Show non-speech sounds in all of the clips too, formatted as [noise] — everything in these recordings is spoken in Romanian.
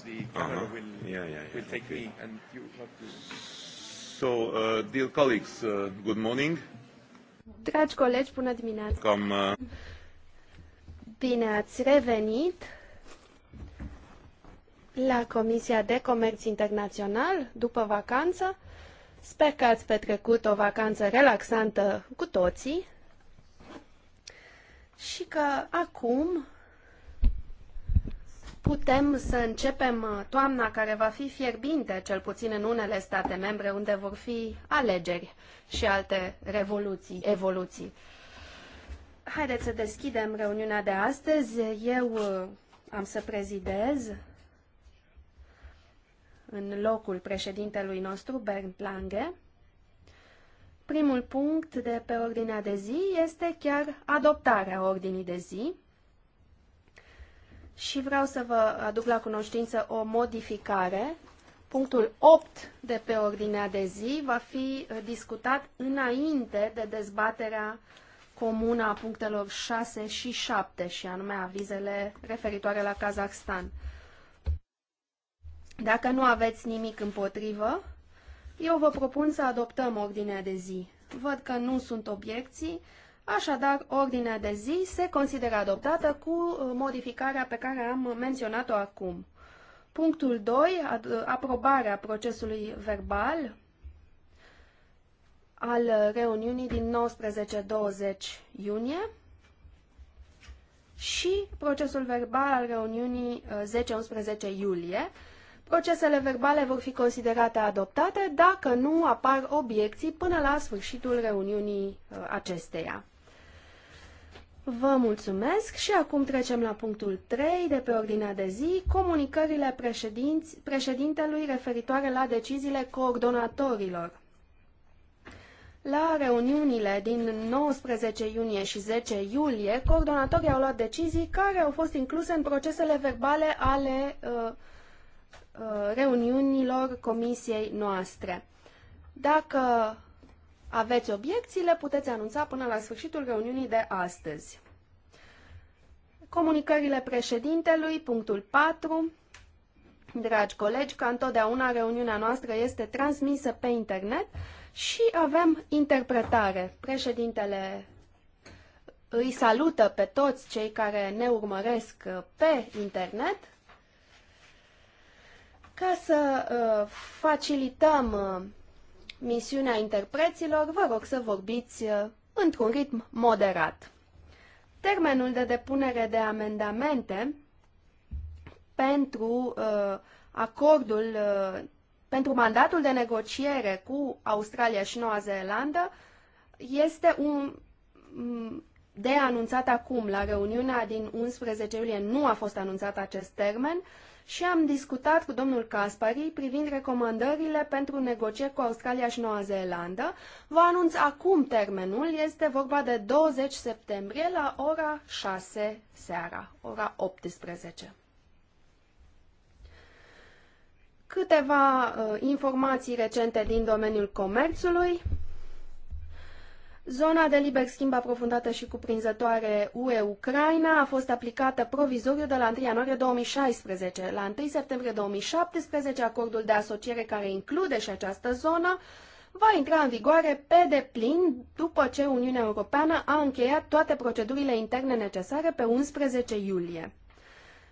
because the camera uh -huh. will, yeah, yeah, yeah. will take okay. me and you have to... So, uh, dear colleagues, uh, good morning. Dragi colegi, bună dimineața. Cam, uh... Bine ați revenit la Comisia de Comerț Internațional după vacanță. Sper că ați petrecut o vacanță relaxantă cu toții și că acum putem să începem uh, toamna care va fi fierbinte, cel puțin în unele state membre, unde vor fi alegeri și alte revoluții, evoluții. Haideți să deschidem reuniunea de astăzi. Eu uh, am să prezidez în locul președintelui nostru, Bernd Lange. Primul punct de pe ordinea de zi este chiar adoptarea ordinii de zi și vreau să vă aduc la cunoștință o modificare. Punctul 8 de pe ordinea de zi va fi uh, discutat înainte de dezbaterea comună a punctelor 6 și 7 și anume avizele referitoare la Kazahstan. Dacă nu aveți nimic împotrivă, eu vă propun să adoptăm ordinea de zi. Văd că nu sunt obiecții, Așadar, ordinea de zi se consideră adoptată cu uh, modificarea pe care am menționat-o acum. Punctul 2, aprobarea procesului verbal al reuniunii din 19-20 iunie și procesul verbal al reuniunii 10-11 uh, iulie. Procesele verbale vor fi considerate adoptate dacă nu apar obiecții până la sfârșitul reuniunii uh, acesteia. Vă mulțumesc și acum trecem la punctul 3 de pe ordinea de zi, comunicările președintelui referitoare la deciziile coordonatorilor. La reuniunile din 19 iunie și 10 iulie, coordonatorii au luat decizii care au fost incluse în procesele verbale ale uh, uh, reuniunilor comisiei noastre. Dacă aveți obiecții, le puteți anunța până la sfârșitul reuniunii de astăzi. Comunicările președintelui, punctul 4. Dragi colegi, ca întotdeauna reuniunea noastră este transmisă pe internet și avem interpretare. Președintele îi salută pe toți cei care ne urmăresc pe internet ca să uh, facilităm uh, misiunea interpreților, vă rog să vorbiți uh, într-un ritm moderat. Termenul de depunere de amendamente pentru uh, acordul, uh, pentru mandatul de negociere cu Australia și Noua Zeelandă este un, de anunțat acum. La reuniunea din 11 iulie nu a fost anunțat acest termen și am discutat cu domnul Caspari privind recomandările pentru negocieri cu Australia și Noua Zeelandă. Vă anunț acum termenul, este vorba de 20 septembrie la ora 6 seara, ora 18. Câteva uh, informații recente din domeniul comerțului. Zona de liber schimb aprofundată și cuprinzătoare UE-Ucraina a fost aplicată provizoriu de la 1 ianuarie 2016. La 1 septembrie 2017, acordul de asociere care include și această zonă va intra în vigoare pe deplin după ce Uniunea Europeană a încheiat toate procedurile interne necesare pe 11 iulie.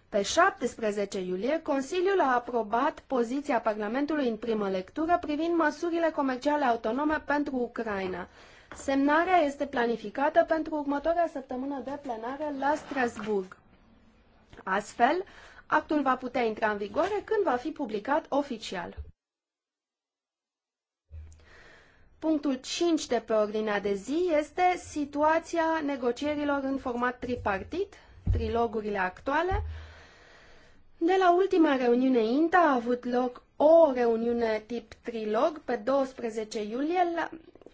Pe 17 iulie, Consiliul a aprobat poziția Parlamentului în primă lectură privind măsurile comerciale autonome pentru Ucraina Semnarea este planificată pentru următoarea săptămână de plenară la Strasburg. Astfel, actul va putea intra în vigoare când va fi publicat oficial. Punctul 5 de pe ordinea de zi este situația negocierilor în format tripartit, trilogurile actuale. De la ultima reuniune INTA a avut loc o reuniune tip trilog pe 12 iulie,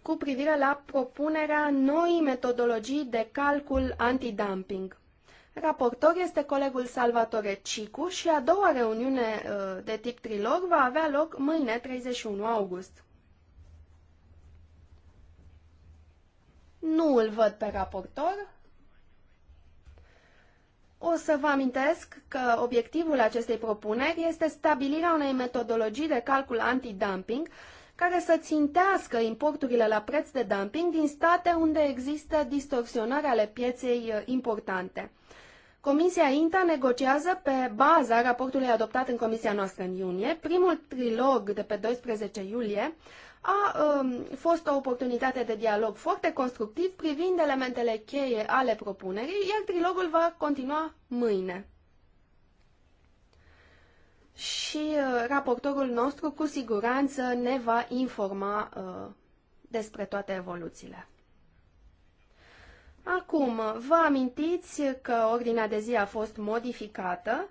cu privire la propunerea noii metodologii de calcul antidumping. Raportor este colegul Salvatore Cicu și a doua reuniune uh, de tip trilog va avea loc mâine 31 august. Nu îl văd pe raportor. O să vă amintesc că obiectivul acestei propuneri este stabilirea unei metodologii de calcul antidumping care să țintească importurile la preț de dumping din state unde există distorsionare ale pieței uh, importante. Comisia INTA negociază pe baza raportului adoptat în comisia noastră în iunie. Primul trilog de pe 12 iulie a um, fost o oportunitate de dialog foarte constructiv privind elementele cheie ale propunerii, iar trilogul va continua mâine și uh, raportorul nostru cu siguranță ne va informa uh, despre toate evoluțiile. Acum, vă amintiți că ordinea de zi a fost modificată.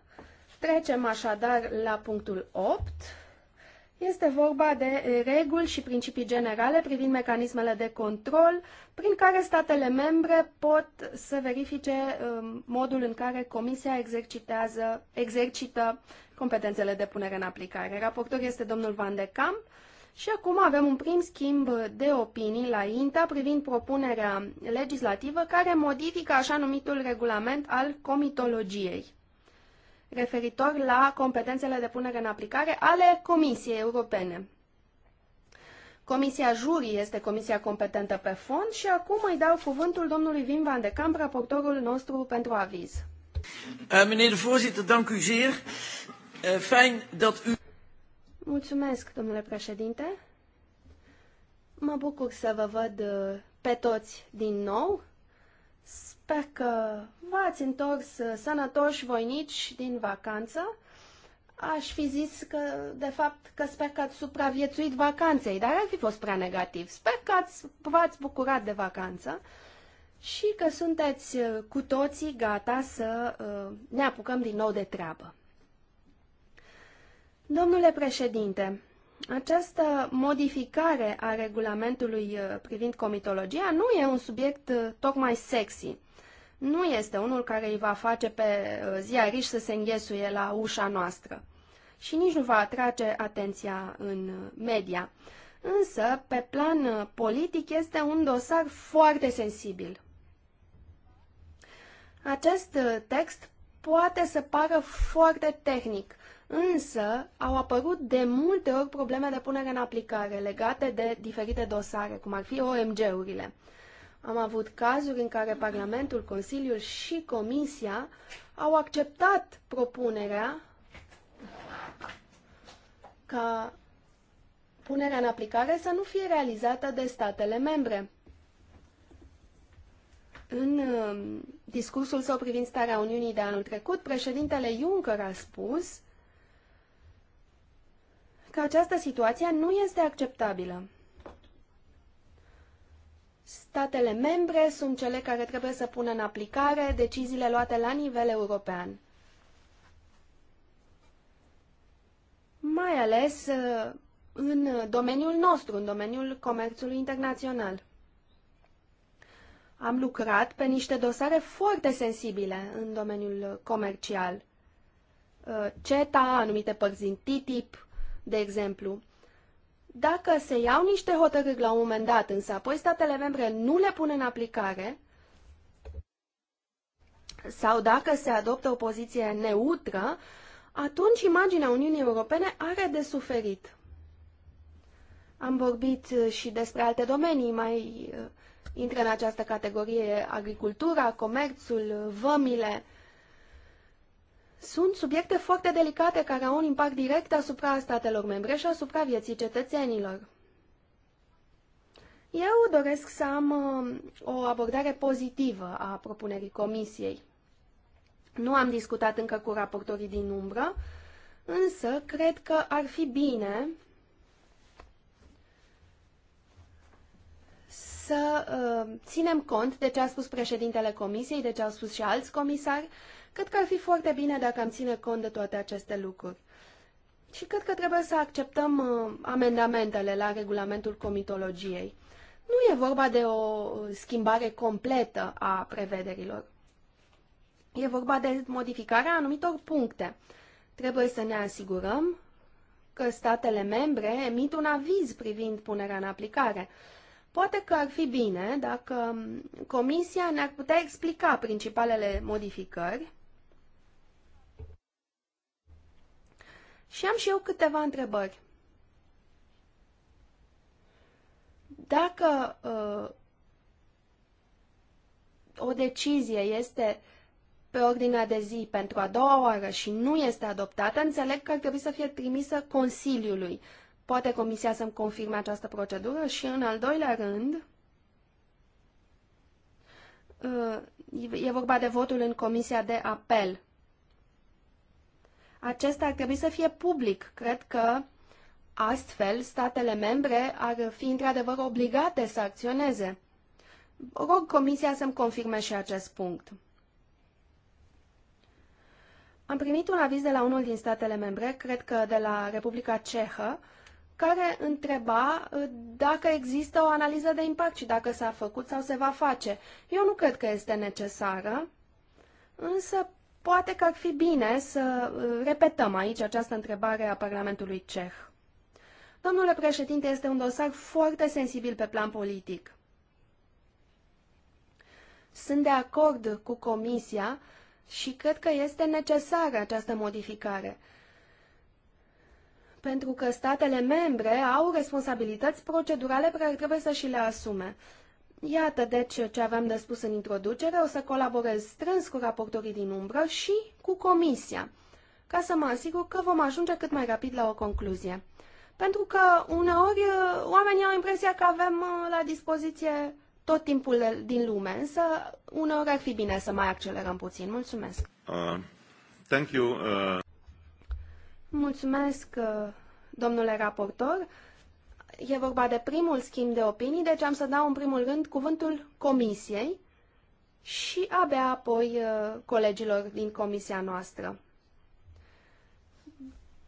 Trecem așadar la punctul 8. Este vorba de reguli și principii generale privind mecanismele de control prin care statele membre pot să verifice um, modul în care Comisia exercitează, exercită competențele de punere în aplicare. Raportor este domnul Van de Camp și acum avem un prim schimb de opinii la INTA privind propunerea legislativă care modifică așa numitul regulament al comitologiei referitor la competențele de punere în aplicare ale Comisiei Europene. Comisia Juri este comisia competentă pe fond și acum îi dau cuvântul domnului Vim Van de Camp, raportorul nostru pentru aviz. Uh, de voorzitter, dank u zeer. Eh, fijn dat u... Mulțumesc, domnule președinte. Mă bucur să vă văd eh, pe toți din nou. Sper că v-ați întors eh, sănătoși, voinici, din vacanță. Aș fi zis că, de fapt, că sper că ați supraviețuit vacanței, dar ar fi fost prea negativ. Sper că ați, v-ați bucurat de vacanță și că sunteți cu toții gata să ne apucăm din nou de treabă. Domnule președinte, această modificare a regulamentului uh, privind comitologia nu e un subiect uh, tocmai sexy. Nu este unul care îi va face pe uh, ziariști să se înghesuie la ușa noastră și nici nu va atrage atenția în media. Însă, pe plan politic, este un dosar foarte sensibil. Acest text poate să pară foarte tehnic, Însă au apărut de multe ori probleme de punere în aplicare legate de diferite dosare, cum ar fi OMG-urile. Am avut cazuri în care Parlamentul, Consiliul și Comisia au acceptat propunerea ca punerea în aplicare să nu fie realizată de statele membre. În um, discursul său privind starea Uniunii de anul trecut, președintele Juncker a spus uh, că această situație nu este acceptabilă. Statele membre sunt cele care trebuie să pună în aplicare deciziile luate la nivel european. Mai ales uh, în domeniul nostru, în domeniul comerțului internațional. Am lucrat pe niște dosare foarte sensibile în domeniul comercial. Uh, CETA, anumite părți din TTIP, de exemplu, dacă se iau niște hotărâri la un moment dat, însă apoi statele membre nu le pun în aplicare, sau dacă se adoptă o poziție neutră, atunci imaginea Uniunii Europene are de suferit. Am vorbit uh, și despre alte domenii, mai uh, intră în această categorie agricultura, comerțul, uh, vămile, sunt subiecte foarte delicate care au un impact direct asupra statelor membre și asupra vieții cetățenilor. Eu doresc să am uh, o abordare pozitivă a propunerii comisiei. Nu am discutat încă cu raportorii din umbră, însă cred că ar fi bine să uh, ținem cont de ce a spus președintele comisiei, de ce au spus și alți comisari Cred că ar fi foarte bine dacă am ține cont de toate aceste lucruri. Și cred că trebuie să acceptăm uh, amendamentele la regulamentul comitologiei. Nu e vorba de o schimbare completă a prevederilor. E vorba de modificarea anumitor puncte. Trebuie să ne asigurăm că statele membre emit un aviz privind punerea în aplicare. Poate că ar fi bine dacă um, Comisia ne-ar putea explica principalele modificări Și am și eu câteva întrebări. Dacă uh, o decizie este pe ordinea de zi pentru a doua oară și nu este adoptată, înțeleg că ar trebui să fie trimisă Consiliului. Poate Comisia să-mi confirme această procedură și, în al doilea rând, uh, e vorba de votul în Comisia de Apel acesta ar trebui să fie public. Cred că astfel statele membre ar fi într-adevăr obligate să acționeze. Rog Comisia să-mi confirme și acest punct. Am primit un aviz de la unul din statele membre, cred că de la Republica Cehă, care întreba uh, dacă există o analiză de impact și dacă s-a făcut sau se va face. Eu nu cred că este necesară, însă Poate că ar fi bine să uh, repetăm aici această întrebare a Parlamentului Ceh. Domnule președinte, este un dosar foarte sensibil pe plan politic. Sunt de acord cu Comisia și cred că este necesară această modificare, pentru că statele membre au responsabilități procedurale pe care trebuie să și le asume. Iată deci ce aveam de spus în introducere. O să colaborez strâns cu raportorii din umbră și cu comisia, ca să mă asigur că vom ajunge cât mai rapid la o concluzie. Pentru că uneori oamenii au impresia că avem uh, la dispoziție tot timpul din lume, însă uneori ar fi bine să mai accelerăm puțin. Mulțumesc! Uh, thank you, uh... Mulțumesc, uh, domnule raportor. E vorba de primul schimb de opinii, deci am să dau în primul rând cuvântul comisiei și abia apoi uh, colegilor din comisia noastră.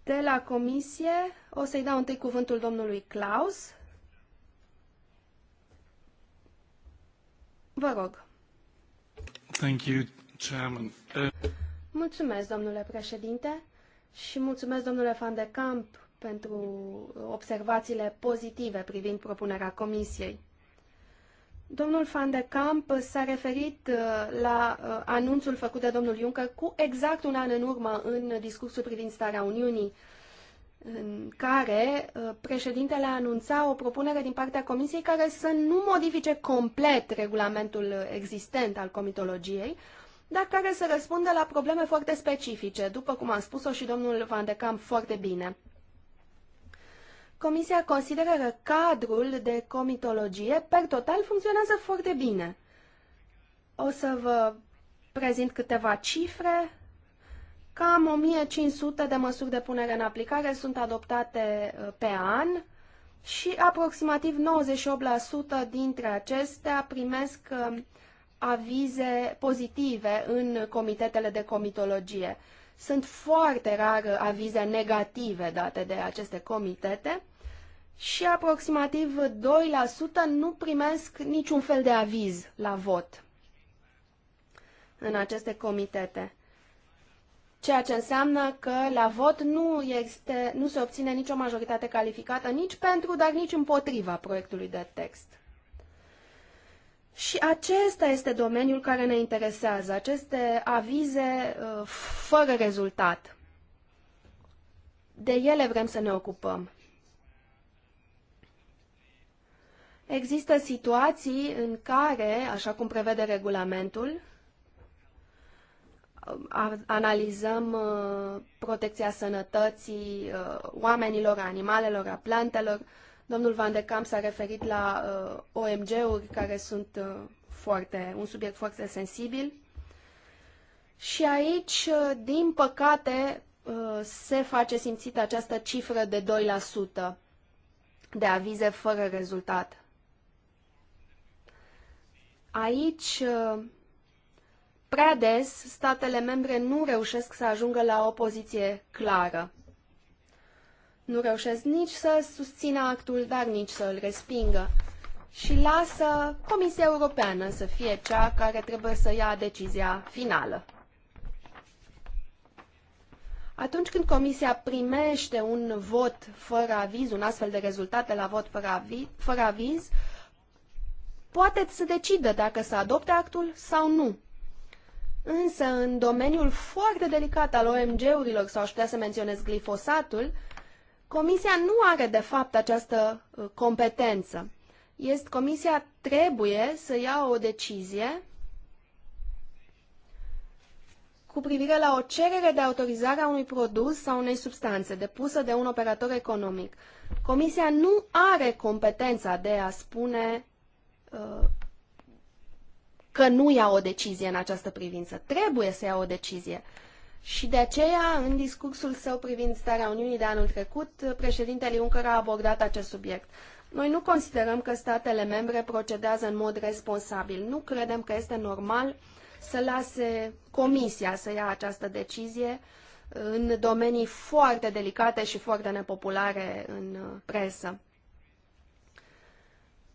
De la comisie o să-i dau întâi cuvântul domnului Claus. Vă rog. Thank you, Chairman. Uh, mulțumesc, domnule președinte, și mulțumesc, domnule Van de Camp, pentru observațiile pozitive privind propunerea Comisiei. Domnul Van de Camp s-a referit uh, la uh, anunțul făcut de domnul Juncker cu exact un an în urmă în discursul privind starea Uniunii, în care uh, președintele anunța o propunere din partea Comisiei care să nu modifice complet regulamentul existent al comitologiei, dar care să răspundă la probleme foarte specifice, după cum a spus-o și domnul Van de Camp foarte bine. Comisia consideră că cadrul de comitologie, per total, funcționează foarte bine. O să vă prezint câteva cifre. Cam 1500 de măsuri de punere în aplicare sunt adoptate uh, pe an și aproximativ 98% dintre acestea primesc uh, avize pozitive în comitetele de comitologie. Sunt foarte rar avize negative date de aceste comitete și aproximativ 2% nu primesc niciun fel de aviz la vot în aceste comitete. Ceea ce înseamnă că la vot nu, este, nu se obține nicio majoritate calificată nici pentru, dar nici împotriva proiectului de text. Și acesta este domeniul care ne interesează, aceste avize uh, fără rezultat. De ele vrem să ne ocupăm. Există situații în care, așa cum prevede regulamentul, uh, analizăm uh, protecția sănătății oamenilor, a animalelor, a plantelor, Domnul Van de Camp s-a referit la uh, OMG-uri, care sunt uh, foarte, un subiect foarte sensibil. Și aici, uh, din păcate, uh, se face simțită această cifră de 2% de avize fără rezultat. Aici, uh, prea des, statele membre nu reușesc să ajungă la o poziție clară nu reușesc nici să susțină actul, dar nici să îl respingă și lasă Comisia Europeană să fie cea care trebuie să ia decizia finală. Atunci când Comisia primește un vot fără aviz, un astfel de rezultat de la vot fără aviz, fără aviz poate să decidă dacă să adopte actul sau nu. Însă, în domeniul foarte delicat al OMG-urilor, sau aș putea să menționez glifosatul, Comisia nu are, de fapt, această uh, competență. Este, comisia trebuie să ia o decizie cu privire la o cerere de autorizare a unui produs sau unei substanțe depusă de un operator economic. Comisia nu are competența de a spune uh, că nu ia o decizie în această privință. Trebuie să ia o decizie. Și de aceea, în discursul său privind starea Uniunii de anul trecut, președintele Juncker a abordat acest subiect. Noi nu considerăm că statele membre procedează în mod responsabil. Nu credem că este normal să lase Comisia să ia această decizie în domenii foarte delicate și foarte nepopulare în presă.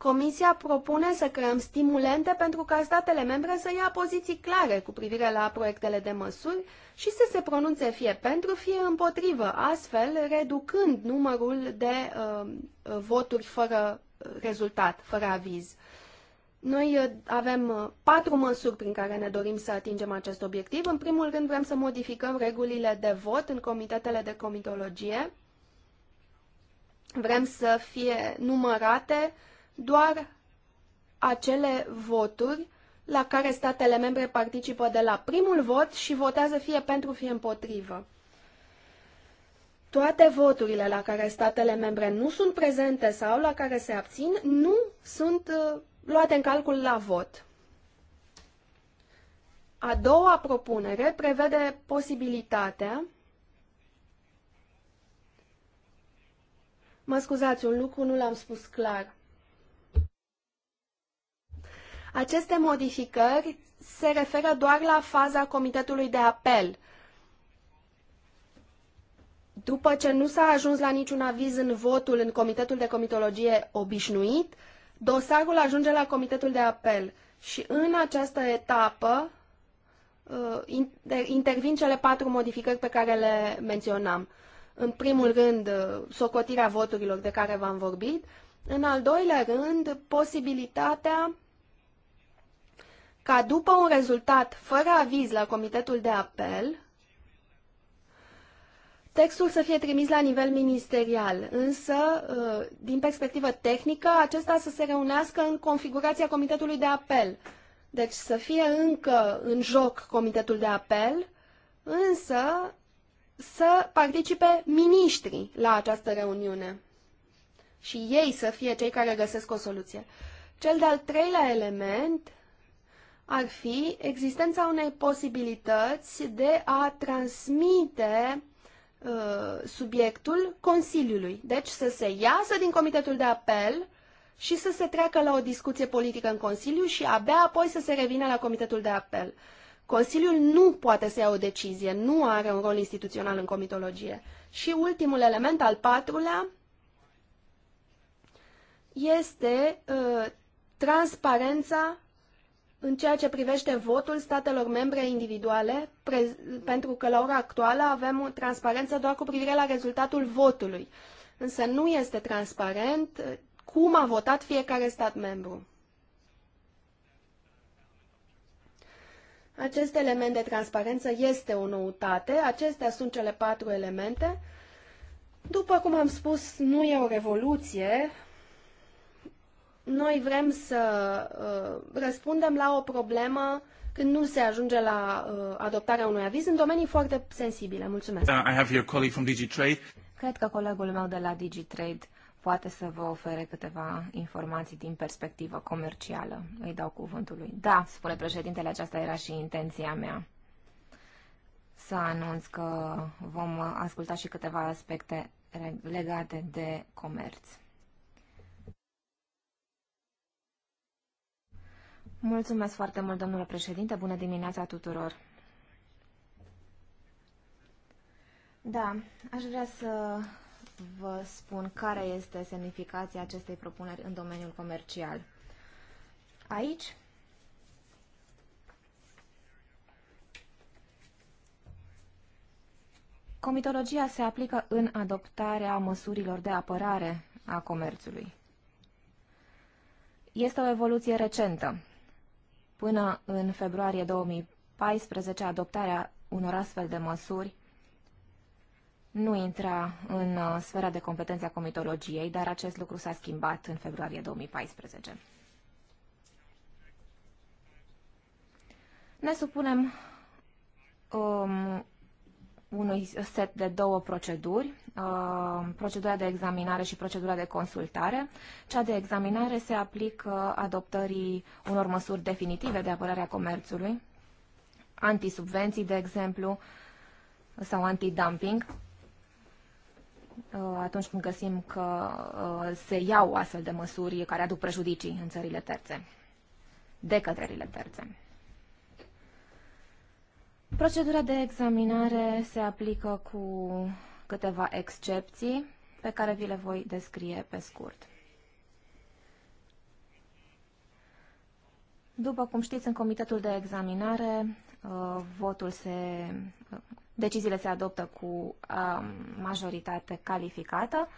Comisia propune să creăm stimulente pentru ca statele membre să ia poziții clare cu privire la proiectele de măsuri și să se pronunțe fie pentru, fie împotrivă, astfel reducând numărul de uh, uh voturi fără uh, rezultat, fără aviz. Noi uh, avem patru măsuri prin care ne dorim să atingem acest obiectiv. În primul rând vrem să modificăm regulile de vot în comitetele de comitologie. Vrem să fie numărate uh, doar acele voturi la care statele membre participă de la primul vot și votează fie pentru, fie împotrivă. Toate voturile la care statele membre nu sunt prezente sau la care se abțin nu sunt uh, luate în calcul la vot. A doua propunere prevede posibilitatea Mă scuzați, un lucru nu l-am spus clar. Aceste modificări se referă doar la faza comitetului de apel. După ce nu s-a ajuns la niciun aviz în votul în comitetul de comitologie obișnuit, dosarul ajunge la comitetul de apel. Și în această etapă uh, intervin cele patru modificări pe care le menționam. În primul rând, uh, socotirea voturilor de care v-am vorbit. În al doilea rând, posibilitatea ca după un rezultat fără aviz la Comitetul de Apel, textul să fie trimis la nivel ministerial, însă, uh, din perspectivă tehnică, acesta să se reunească în configurația Comitetului de Apel. Deci să fie încă în joc Comitetul de Apel, însă să participe miniștrii la această reuniune și ei să fie cei care găsesc o soluție. Cel de-al treilea element ar fi existența unei posibilități de a transmite uh, subiectul Consiliului. Deci să se iasă din Comitetul de Apel și să se treacă la o discuție politică în Consiliu și abia apoi să se revină la Comitetul de Apel. Consiliul nu poate să ia o decizie, nu are un rol instituțional în comitologie. Și ultimul element, al patrulea, este uh, transparența în ceea ce privește votul statelor membre individuale, pentru că la ora actuală avem o transparență doar cu privire la rezultatul votului. Însă nu este transparent eh, cum a votat fiecare stat membru. Acest element de transparență este o noutate. Acestea sunt cele patru elemente. După cum am spus, nu e o revoluție, noi vrem să uh, răspundem la o problemă când nu se ajunge la uh, adoptarea unui aviz în domenii foarte sensibile. Mulțumesc. Uh, I have your colleague from DigiTrade. Cred că colegul meu de la DigiTrade poate să vă ofere câteva informații din perspectivă comercială. Îi dau cuvântul lui. Da, spune președintele, aceasta era și intenția mea. Să anunț că vom asculta și câteva aspecte legate de comerț. Mulțumesc foarte mult, domnule președinte. Bună dimineața tuturor. Da, aș vrea să vă spun care este semnificația acestei propuneri în domeniul comercial. Aici Comitologia se aplică în adoptarea măsurilor de apărare a comerțului. Este o evoluție recentă Până în februarie 2014, adoptarea unor astfel de măsuri nu intra în uh, sfera de competență a comitologiei, dar acest lucru s-a schimbat în februarie 2014. Ne supunem um, unui set de două proceduri, uh, procedura de examinare și procedura de consultare. Cea de examinare se aplică adoptării unor măsuri definitive de apărare a comerțului, antisubvenții, de exemplu, sau antidumping, uh, atunci când găsim că uh, se iau astfel de măsuri care aduc prejudicii în țările terțe, de către terțe. Procedura de examinare se aplică cu câteva excepții pe care vi le voi descrie pe scurt. După cum știți, în comitetul de examinare, uh, votul se, deciziile se adoptă cu um, majoritate calificată.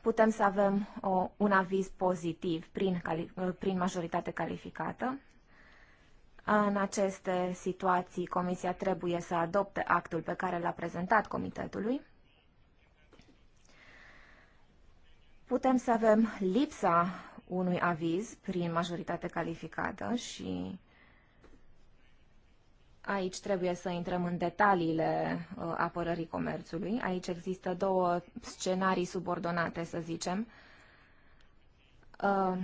Putem să avem o, uh, un aviz pozitiv prin, uh, prin majoritate calificată. În aceste situații, Comisia trebuie să adopte actul pe care l-a prezentat Comitetului. Putem să avem lipsa unui aviz prin majoritate calificată și Aici trebuie să intrăm în detaliile uh, apărării comerțului. Aici există două scenarii subordonate, să zicem. Uh,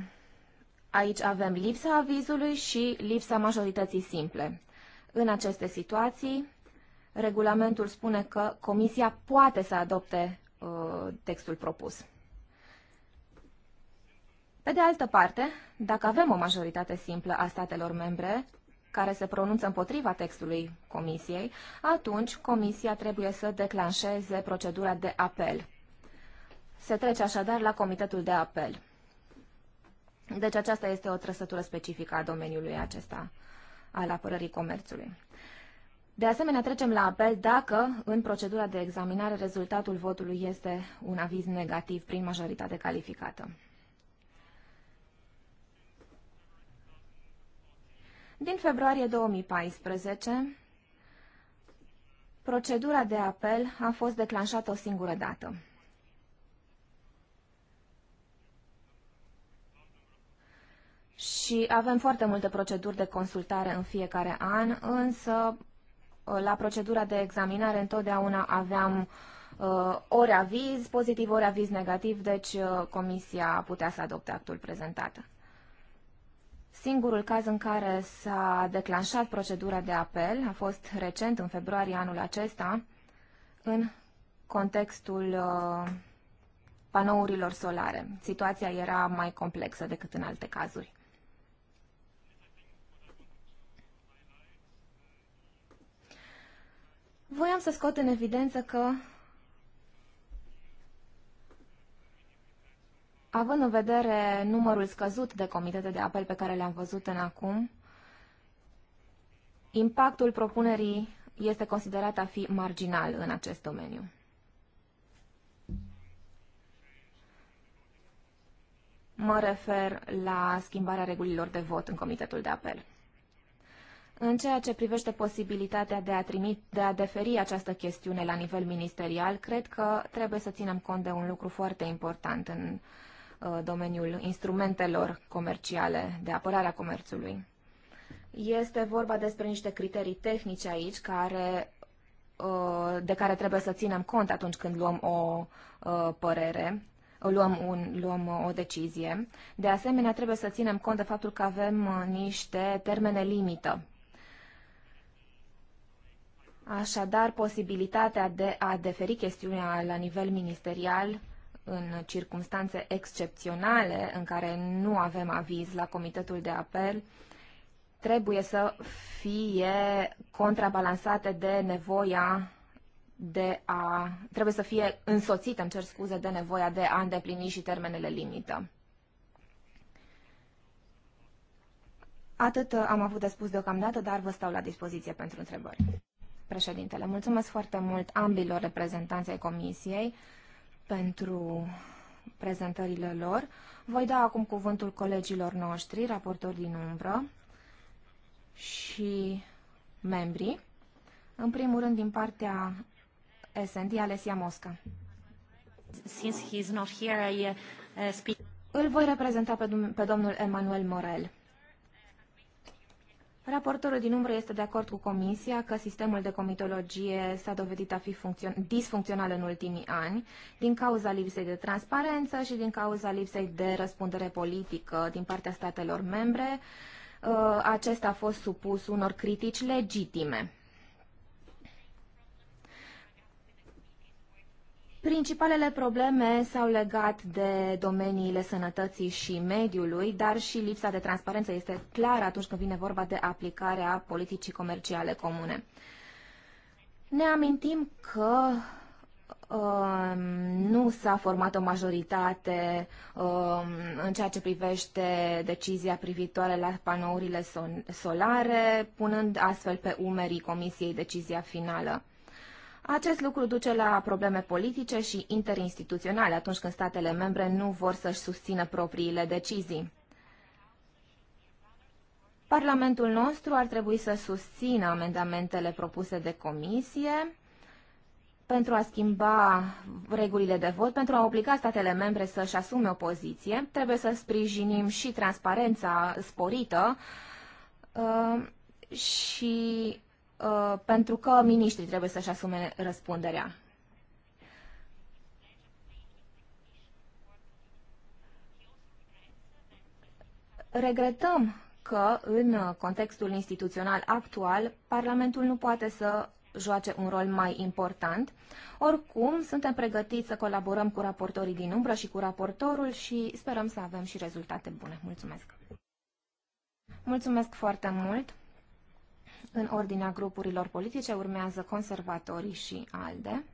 Aici avem lipsa avizului și lipsa majorității simple. În aceste situații, regulamentul spune că Comisia poate să adopte uh, textul propus. Pe de altă parte, dacă avem o majoritate simplă a statelor membre care se pronunță împotriva textului Comisiei, atunci Comisia trebuie să declanșeze procedura de apel. Se trece așadar la Comitetul de Apel. Deci aceasta este o trăsătură specifică a domeniului acesta al apărării comerțului. De asemenea, trecem la apel dacă în procedura de examinare rezultatul votului este un aviz negativ prin majoritate calificată. Din februarie 2014, procedura de apel a fost declanșată o singură dată. și avem foarte multe proceduri de consultare în fiecare an, însă ă, la procedura de examinare întotdeauna aveam uh, ori aviz pozitiv, ori aviz negativ, deci uh, comisia putea să adopte actul prezentat. Singurul caz în care s-a declanșat procedura de apel a fost recent, în februarie anul acesta, în contextul uh, panourilor solare. Situația era mai complexă decât în alte cazuri. Voiam să scot în evidență că, având în vedere numărul scăzut de comitete de apel pe care le-am văzut în acum, impactul propunerii este considerat a fi marginal în acest domeniu. Mă refer la schimbarea regulilor de vot în comitetul de apel. În ceea ce privește posibilitatea de a, trimit, de a deferi această chestiune la nivel ministerial, cred că trebuie să ținem cont de un lucru foarte important în uh, domeniul instrumentelor comerciale de apărare a comerțului. Este vorba despre niște criterii tehnice aici care, uh, de care trebuie să ținem cont atunci când luăm o uh, părere luăm, un, luăm o decizie. De asemenea, trebuie să ținem cont de faptul că avem niște termene limită Așadar, posibilitatea de a deferi chestiunea la nivel ministerial în circunstanțe excepționale în care nu avem aviz la Comitetul de Apel trebuie să fie contrabalansate de nevoia de a, trebuie să fie însoțită, îmi cer scuze, de nevoia de a îndeplini și termenele limită. Atât am avut de spus deocamdată, dar vă stau la dispoziție pentru întrebări. Președintele, mulțumesc foarte mult ambilor reprezentanței Comisiei pentru prezentările lor. Voi da acum cuvântul colegilor noștri, raportori din umbră și membrii. În primul rând, din partea SND, Alesia Mosca. Since he's not here, I, uh, speak... Îl voi reprezenta pe, pe domnul Emanuel Morel. Raportorul din umbră este de acord cu Comisia că sistemul de comitologie s-a dovedit a fi disfuncțional în ultimii ani din cauza lipsei de transparență și din cauza lipsei de răspundere politică din partea statelor membre. Uh, acesta a fost supus unor critici legitime. Principalele probleme s-au legat de domeniile sănătății și mediului, dar și lipsa de transparență este clară atunci când vine vorba de aplicarea politicii comerciale comune. Ne amintim că uh, nu s-a format o majoritate uh, în ceea ce privește decizia privitoare la panourile solare, punând astfel pe umerii Comisiei decizia finală. Acest lucru duce la probleme politice și interinstituționale atunci când statele membre nu vor să-și susțină propriile decizii. Parlamentul nostru ar trebui să susțină amendamentele propuse de comisie pentru a schimba regulile de vot, pentru a obliga statele membre să-și asume o poziție. Trebuie să sprijinim și transparența sporită uh, și Uh, pentru că miniștrii trebuie să-și asume răspunderea. Regretăm că, în contextul instituțional actual, Parlamentul nu poate să joace un rol mai important. Oricum, suntem pregătiți să colaborăm cu raportorii din umbră și cu raportorul și sperăm să avem și rezultate bune. Mulțumesc! Mulțumesc foarte mult! În ordinea grupurilor politice urmează conservatorii și ALDE.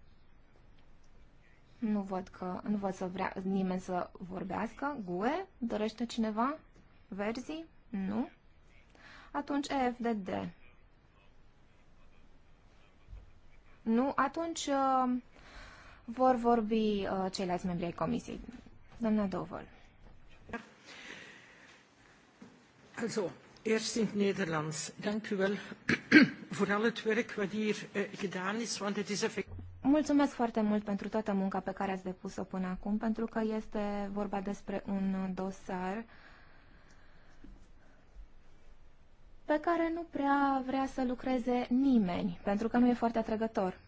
Nu văd că nu văd să vrea nimeni să vorbească. GUE? Dorește cineva? Verzi? Nu? Atunci EFDD. Nu? Atunci uh, vor vorbi uh, ceilalți membri ai comisiei. Doamna Dovăl. Also, Eerst in het Nederlands. Dank u wel [clears throat] voor al het werk wat hier eh, gedaan is, want het is effectief. Mulțumesc foarte mult pentru toată munca pe care ați depus-o până acum, pentru că este vorba despre un uh, dosar pe care nu prea vrea să lucreze nimeni, pentru că nu e foarte atrăgător.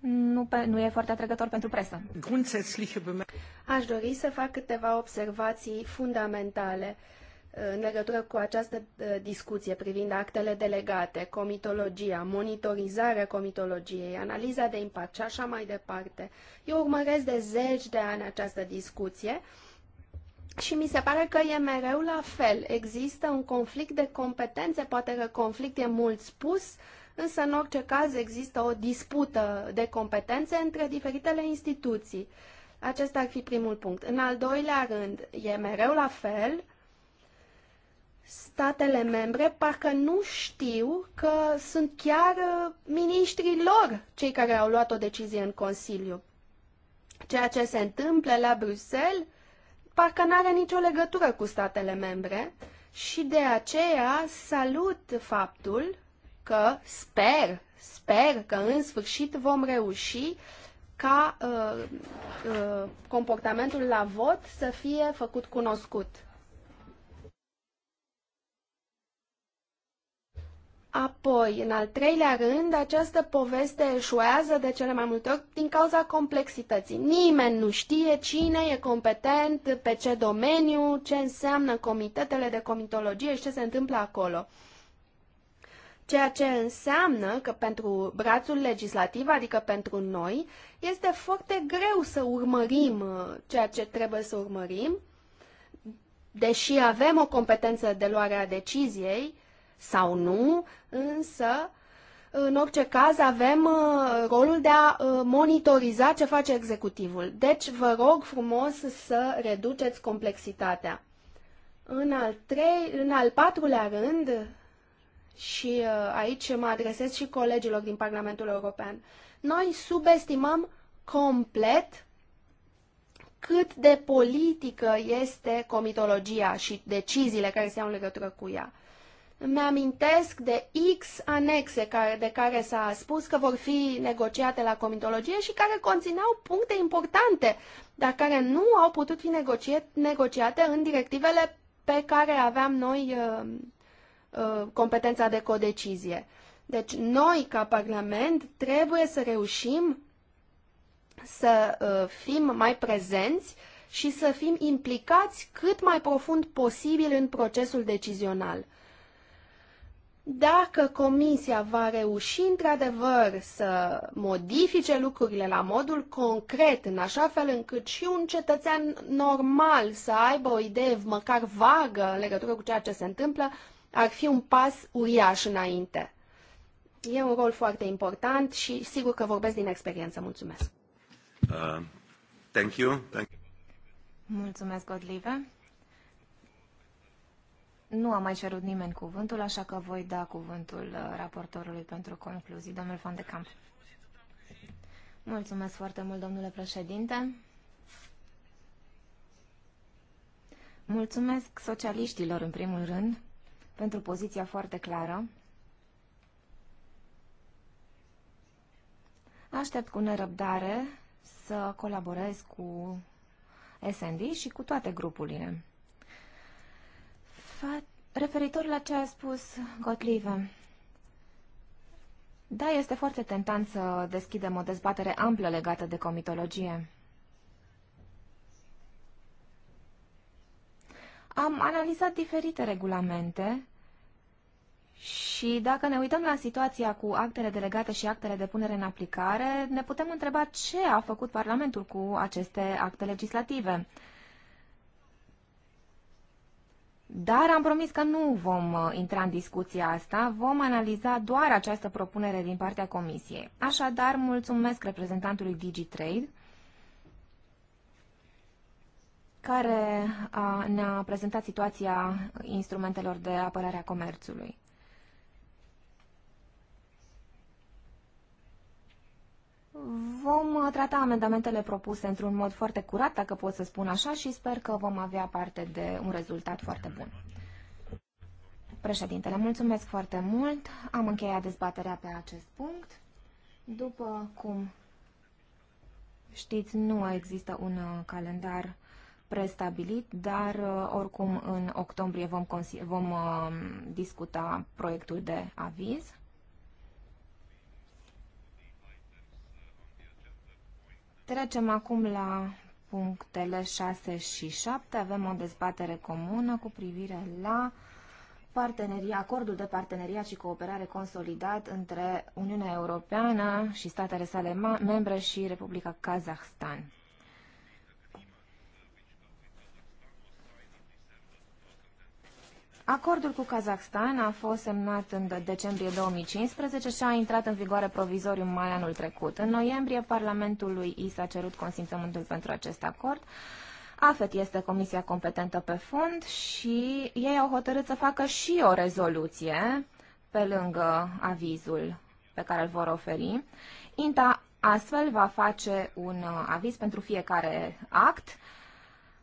Nu, pe, nu e foarte atrăgător pentru presă. Aș dori să fac câteva observații fundamentale în legătură cu această ă, discuție privind actele delegate, comitologia, monitorizarea comitologiei, analiza de impact și așa mai departe. Eu urmăresc de zeci de ani această discuție și mi se pare că e mereu la fel. Există un conflict de competențe, poate că conflict e mult spus, însă în orice caz există o dispută de competențe între diferitele instituții. Acesta ar fi primul punct. În al doilea rând, e mereu la fel, statele membre parcă nu știu că sunt chiar uh, miniștrii lor cei care au luat o decizie în Consiliu. Ceea ce se întâmplă la Bruxelles parcă nu are nicio legătură cu statele membre și de aceea salut faptul că sper, sper că în sfârșit vom reuși ca uh, uh, comportamentul la vot să fie făcut cunoscut. Apoi, în al treilea rând, această poveste eșuează de cele mai multe ori din cauza complexității. Nimeni nu știe cine e competent, pe ce domeniu, ce înseamnă comitetele de comitologie și ce se întâmplă acolo. Ceea ce înseamnă că pentru brațul legislativ, adică pentru noi, este foarte greu să urmărim uh, ceea ce trebuie să urmărim, deși avem o competență de luare a deciziei, sau nu, însă în orice caz avem uh, rolul de a uh, monitoriza ce face executivul. Deci vă rog frumos să reduceți complexitatea. În al, trei, în al patrulea rând, și uh, aici mă adresez și colegilor din Parlamentul European, noi subestimăm complet cât de politică este comitologia și deciziile care se iau în legătură cu ea. Mi-amintesc de X anexe care, de care s-a spus că vor fi negociate la comitologie și care conțineau puncte importante, dar care nu au putut fi negocie, negociate în directivele pe care aveam noi uh, uh, competența de codecizie. Deci noi, ca Parlament, trebuie să reușim să uh, fim mai prezenți și să fim implicați cât mai profund posibil în procesul decizional. Dacă Comisia va reuși într-adevăr să modifice lucrurile la modul concret, în așa fel încât și un cetățean normal să aibă o idee măcar vagă în legătură cu ceea ce se întâmplă, ar fi un pas uriaș înainte. E un rol foarte important și sigur că vorbesc din experiență. Mulțumesc! Uh, thank you. Thank you. Mulțumesc, Godlive. Nu a mai cerut nimeni cuvântul, așa că voi da cuvântul uh, raportorului pentru concluzii, domnul Van de Camp. Mulțumesc foarte mult, domnule președinte. Mulțumesc socialiștilor, în primul rând, pentru poziția foarte clară. Aștept cu nerăbdare să colaborez cu SND și cu toate grupurile referitor la ce a spus Gotlive. Da, este foarte tentant să deschidem o dezbatere amplă legată de comitologie. Am analizat diferite regulamente și dacă ne uităm la situația cu actele delegate și actele de punere în aplicare, ne putem întreba ce a făcut Parlamentul cu aceste acte legislative. Dar am promis că nu vom uh, intra în discuția asta, vom analiza doar această propunere din partea Comisiei. Așadar, mulțumesc reprezentantului DigiTrade care uh, ne-a prezentat situația instrumentelor de apărare a comerțului. Vom uh, trata amendamentele propuse într-un mod foarte curat, dacă pot să spun așa, și sper că vom avea parte de un rezultat foarte bun. Președintele, mulțumesc foarte mult. Am încheiat dezbaterea pe acest punct. După cum știți, nu există un uh, calendar prestabilit, dar uh, oricum în octombrie vom, vom discuta proiectul de aviz. Trecem acum la punctele 6 și 7. Avem o dezbatere comună cu privire la parteneria, acordul de parteneriat și cooperare consolidat între Uniunea Europeană și statele sale membre și Republica Kazahstan. Acordul cu Kazakhstan a fost semnat în decembrie 2015 și a intrat în vigoare provizoriu mai anul trecut. În noiembrie, Parlamentul lui I s-a cerut consimțământul pentru acest acord. AFET este comisia competentă pe fond și ei au hotărât să facă și o rezoluție pe lângă avizul pe care îl vor oferi. INTA astfel va face un uh, aviz pentru fiecare act.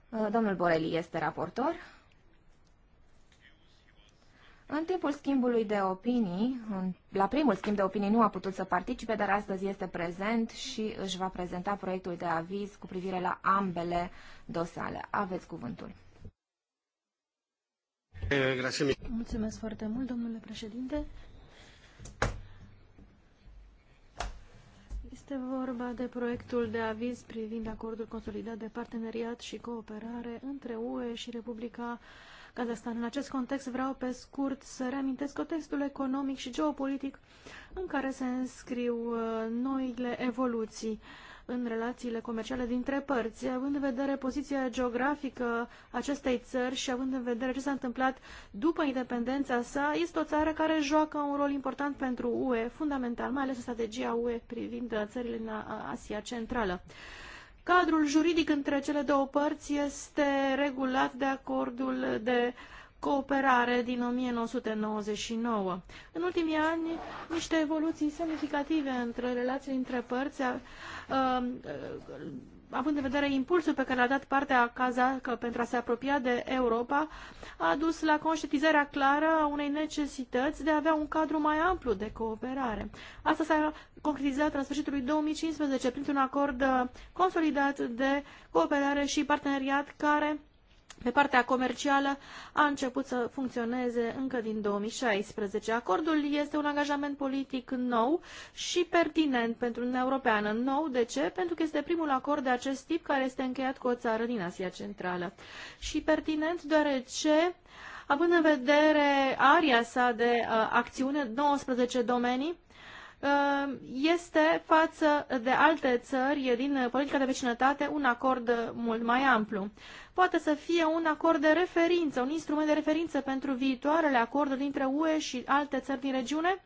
Uh, domnul Boreli este raportor. În timpul schimbului de opinii, în, la primul schimb de opinii nu a putut să participe, dar astăzi este prezent și își va prezenta proiectul de aviz cu privire la ambele dosare. Aveți cuvântul. Eh, Mulțumesc foarte mult, domnule președinte. Este vorba de proiectul de aviz privind acordul consolidat de parteneriat și cooperare între UE și Republica Kazahstan. În acest context vreau pe scurt să reamintesc contextul economic și geopolitic în care se înscriu uh, noile evoluții în relațiile comerciale dintre părți, având în vedere poziția geografică acestei țări și având în vedere ce s-a întâmplat după independența sa, este o țară care joacă un rol important pentru UE, fundamental, mai ales în strategia UE privind uh, țările în Asia Centrală. Cadrul juridic între cele două părți este regulat de acordul de cooperare din 1999. În ultimii ani, niște evoluții semnificative între relațiile între părți având în vedere impulsul pe care l-a dat partea cazacă pentru a se apropia de Europa, a dus la conștientizarea clară a unei necesități de a avea un cadru mai amplu de cooperare. Asta s-a concretizat în sfârșitul 2015 printr-un acord consolidat de cooperare și parteneriat care pe partea comercială a început să funcționeze încă din 2016. Acordul este un angajament politic nou și pertinent pentru Uniunea Europeană. Nou, de ce? Pentru că este primul acord de acest tip care este încheiat cu o țară din Asia Centrală. Și pertinent deoarece, având în vedere aria sa de uh, acțiune, 19 domenii, Ehm, este față de alte țări din eh, politica de vecinătate un acord eh, mult mai amplu. Poate să fie un acord de referință, un instrument de referință pentru viitoarele acorduri dintre UE și alte țări din regiune?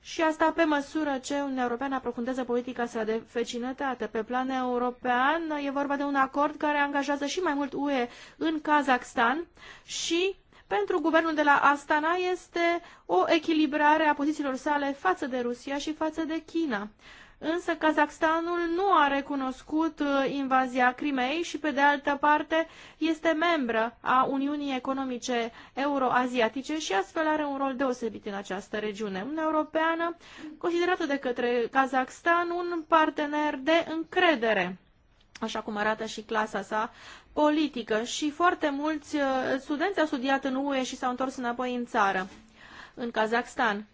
Și asta pe măsură ce Uniunea Europeană aprofundează politica sa de vecinătate. Pe plan european eh, e vorba de un acord care angajează și mai mult UE în Kazakhstan și pentru guvernul de la Astana este o echilibrare a pozițiilor sale față de Rusia și față de China. Însă Kazakhstanul nu a recunoscut uh, invazia Crimei și, pe de altă parte, este membră a Uniunii Economice euroasiatice și astfel are un rol deosebit în această regiune. Uniunea Europeană considerată de către Kazakhstan un partener de încredere așa cum arată și clasa sa politică și foarte mulți uh, studenți au studiat în UE și s-au întors înapoi în țară, în Kazakhstan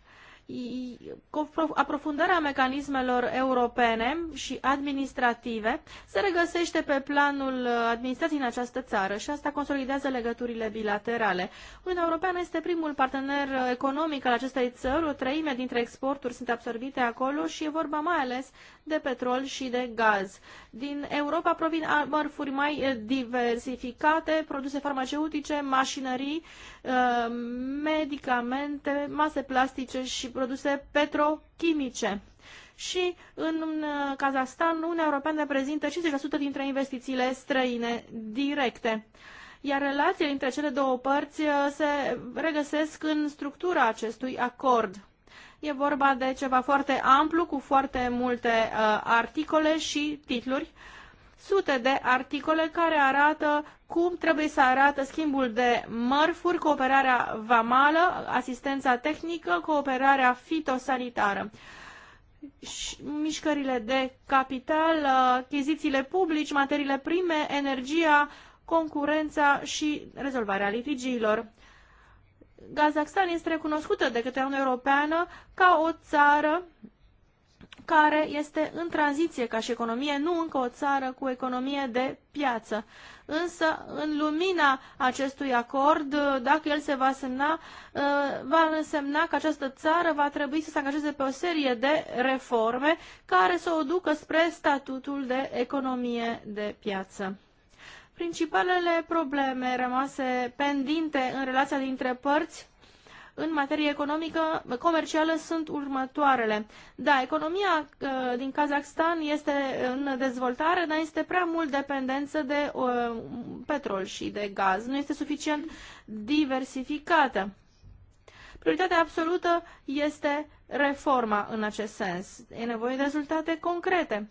aprofundarea mecanismelor europene și administrative se regăsește pe planul administrației în această țară și asta consolidează legăturile bilaterale. Uniunea Europeană este primul partener economic al acestei țări, o treime dintre exporturi sunt absorbite acolo și e vorba mai ales de petrol și de gaz. Din Europa provin mărfuri mai diversificate, produse farmaceutice, mașinării, Uh, medicamente, mase plastice și produse petrochimice. Și în uh, Kazahstan, Uniunea Europeană reprezintă 50% dintre investițiile străine directe iar relațiile între cele două părți uh, se regăsesc în structura acestui acord. E vorba de ceva foarte amplu, cu foarte multe uh, articole și titluri. Uh, sute de articole care arată cum trebuie să arată schimbul de mărfuri, cooperarea vamală, asistența tehnică, cooperarea fitosanitară. Mișcările de capital, uh, achizițiile publici, materiile prime, energia, concurența și rezolvarea litigiilor. Kazakhstan este recunoscută de către Uniunea Europeană ca o țară care este în tranziție ca și economie, nu încă o țară cu economie de piață. Însă, în lumina acestui acord, dacă el se va semna, uh, va însemna că această țară va trebui să se angajeze pe o serie de reforme care să o ducă spre statutul de economie de piață. Principalele probleme rămase pendinte în relația dintre părți în materie economică, comercială sunt următoarele. Da, economia uh, din Kazakhstan este în dezvoltare, dar este prea mult dependență de uh, petrol și de gaz. Nu este suficient diversificată. Prioritatea absolută este reforma în acest sens. E nevoie de rezultate concrete.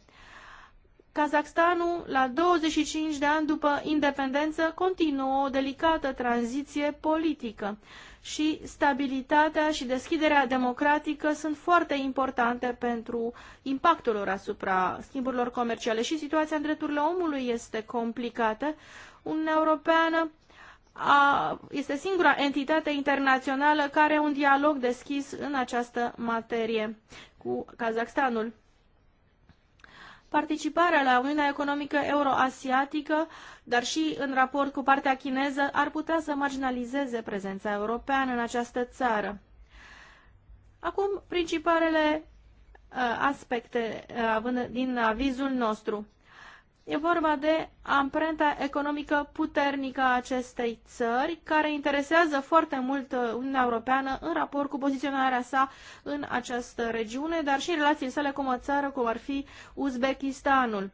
Kazakhstanul, la 25 de ani după independență, continuă o delicată tranziție politică și stabilitatea și deschiderea democratică sunt foarte importante pentru impactul lor asupra schimburilor comerciale și situația în drepturile omului este complicată. Uniunea Europeană a, este singura entitate internațională care are un dialog deschis în această materie cu Kazakhstanul. Participarea la Uniunea Economică Euroasiatică, dar și în raport cu partea chineză, ar putea să marginalizeze prezența europeană în această țară. Acum, principalele uh, aspecte uh, având din avizul nostru. E vorba de amprenta economică puternică a acestei țări, care interesează foarte mult uh, Uniunea Europeană în raport cu poziționarea sa în această regiune, dar și în relațiile sale cu o țară cum ar fi Uzbekistanul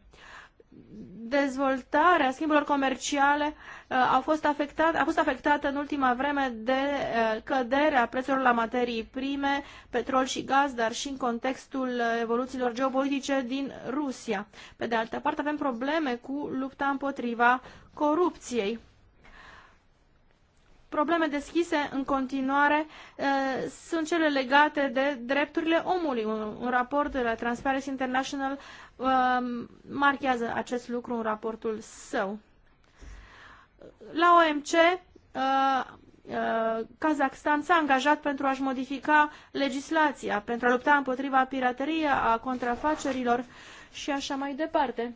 dezvoltarea schimburilor comerciale uh, a fost, afectat, a fost afectată în ultima vreme de uh, căderea prețurilor la materii prime, petrol și gaz, dar și în contextul evoluțiilor geopolitice din Rusia. Pe de altă parte, avem probleme cu lupta împotriva corupției Probleme deschise în continuare uh, sunt cele legate de drepturile omului. Un, un raport de la Transparency International um, marchează acest lucru în raportul său. La OMC, uh, uh, Kazakhstan s-a angajat pentru a-și modifica legislația, pentru a lupta împotriva pirateriei, a contrafacerilor și așa mai departe.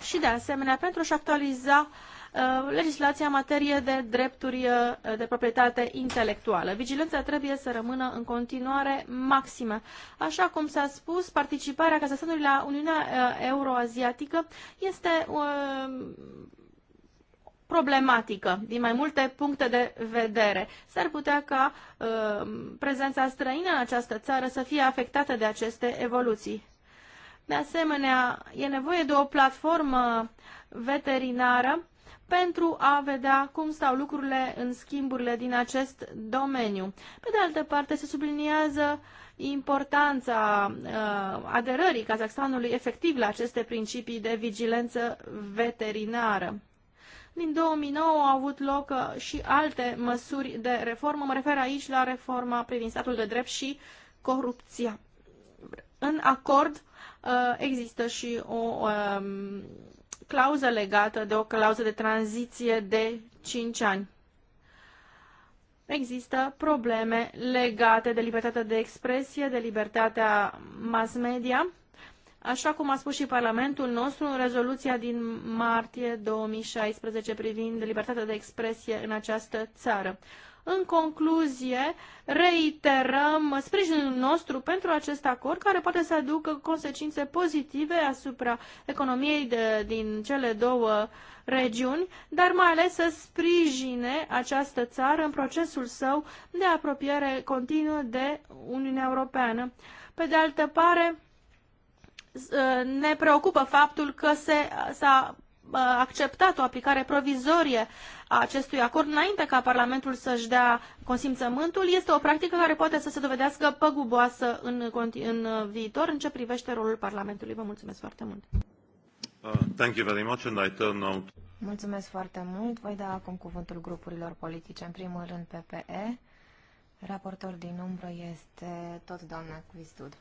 Și de asemenea, pentru a-și actualiza uh, Uh, legislația în materie de drepturi uh, de proprietate intelectuală. Vigilența trebuie să rămână în continuare maximă. Așa cum s-a spus, participarea Kazahstanului la Uniunea uh, Euroasiatică este problematică din mai multe puncte de vedere. S-ar putea ca prezența străină în această țară să fie afectată de aceste evoluții. De asemenea, e nevoie de o platformă veterinară pentru a vedea cum stau lucrurile în schimburile din acest domeniu. Pe de altă parte, se subliniază importanța uh, aderării Kazakhstanului efectiv la aceste principii de vigilență veterinară. Din 2009 au avut loc uh, și alte măsuri de reformă. Mă refer aici la reforma privind statul de drept și corupția. În acord uh, există și o um, clauză legată de o clauză de tranziție de 5 ani. Există probleme legate de libertatea de expresie, de libertatea mass media, așa cum a spus și Parlamentul nostru în rezoluția din martie 2016 privind libertatea de expresie în această țară. În concluzie, reiterăm sprijinul nostru pentru acest acord care poate să aducă consecințe pozitive asupra economiei de, din cele două regiuni, dar mai ales să sprijine această țară în procesul său de apropiere continuă de Uniunea Europeană. Pe de altă parte, ă, ne preocupă faptul că s-a ă, acceptat o aplicare provizorie a acestui acord înainte ca Parlamentul să-și dea consimțământul este o practică care poate să se dovedească păguboasă în, în uh, viitor în ce privește rolul Parlamentului. Vă mulțumesc foarte mult! Uh, thank you very much and I turn out... Mulțumesc foarte mult. Voi da acum cuvântul grupurilor politice. În primul rând PPE. Raportor din umbră este tot doamna Cuistud.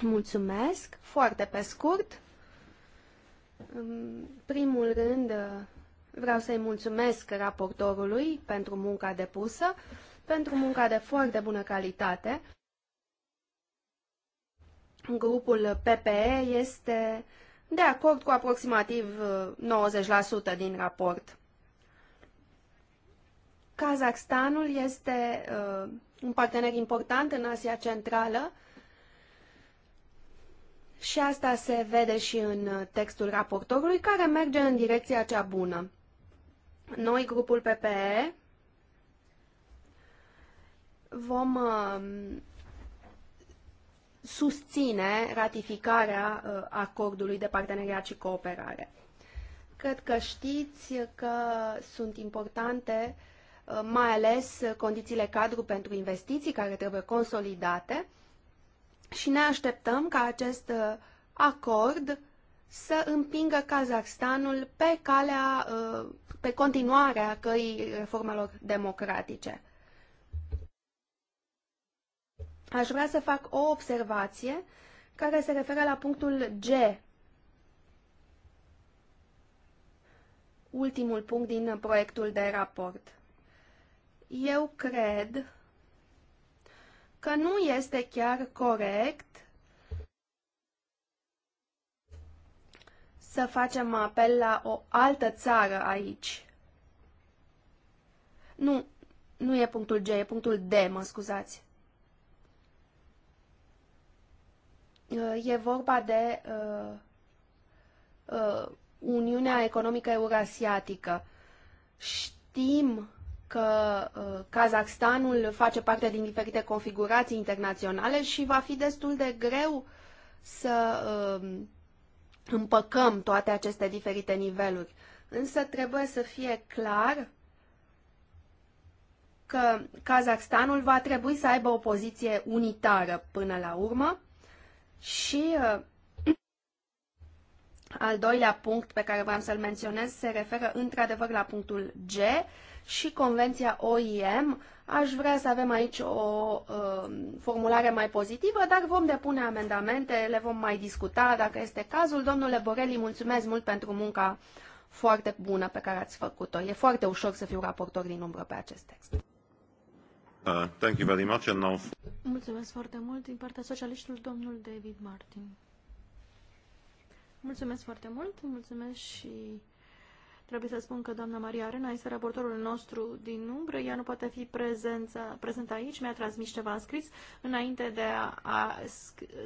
Mulțumesc. Foarte pe scurt. În primul rând, uh, Vreau să-i mulțumesc raportorului pentru munca depusă, pentru munca de foarte bună calitate. Grupul PPE este de acord cu aproximativ 90% uh, din raport. Kazakhstanul este uh, un partener important în Asia Centrală și asta se vede și în uh, textul raportorului, care merge în direcția cea bună. Noi, grupul PPE, vom uh, susține ratificarea uh, acordului de parteneriat și cooperare. Cred că știți că sunt importante uh, mai ales condițiile cadru pentru investiții care trebuie consolidate și ne așteptăm ca acest uh, acord să împingă Kazahstanul pe calea, uh, pe continuarea căii reformelor democratice. Aș vrea să fac o observație care se referă la punctul G, ultimul punct din proiectul de raport. Eu cred că nu este chiar corect să facem apel la o altă țară aici. Nu, nu e punctul G, e punctul D, mă scuzați. E vorba de uh, uh, Uniunea Economică Eurasiatică. Știm că uh, Kazakhstanul face parte din diferite configurații internaționale și va fi destul de greu să uh, împăcăm toate aceste diferite niveluri. Însă trebuie să fie clar că Kazakhstanul va trebui să aibă o poziție unitară până la urmă și uh, al doilea punct pe care vreau să-l menționez se referă într-adevăr la punctul G și Convenția OIM Aș vrea să avem aici o uh, formulare mai pozitivă, dar vom depune amendamente, le vom mai discuta dacă este cazul. Domnule Borelli, mulțumesc mult pentru munca foarte bună pe care ați făcut-o. E foarte ușor să fiu raportor din umbră pe acest text. Uh, thank you very much and now... Mulțumesc foarte mult din partea socialiștilor, domnul David Martin. Mulțumesc foarte mult, mulțumesc și Trebuie să spun că doamna Maria Arena este raportorul nostru din umbră. Ea nu poate fi prezența, prezentă aici. Mi-a transmis ceva scris. Înainte de a, a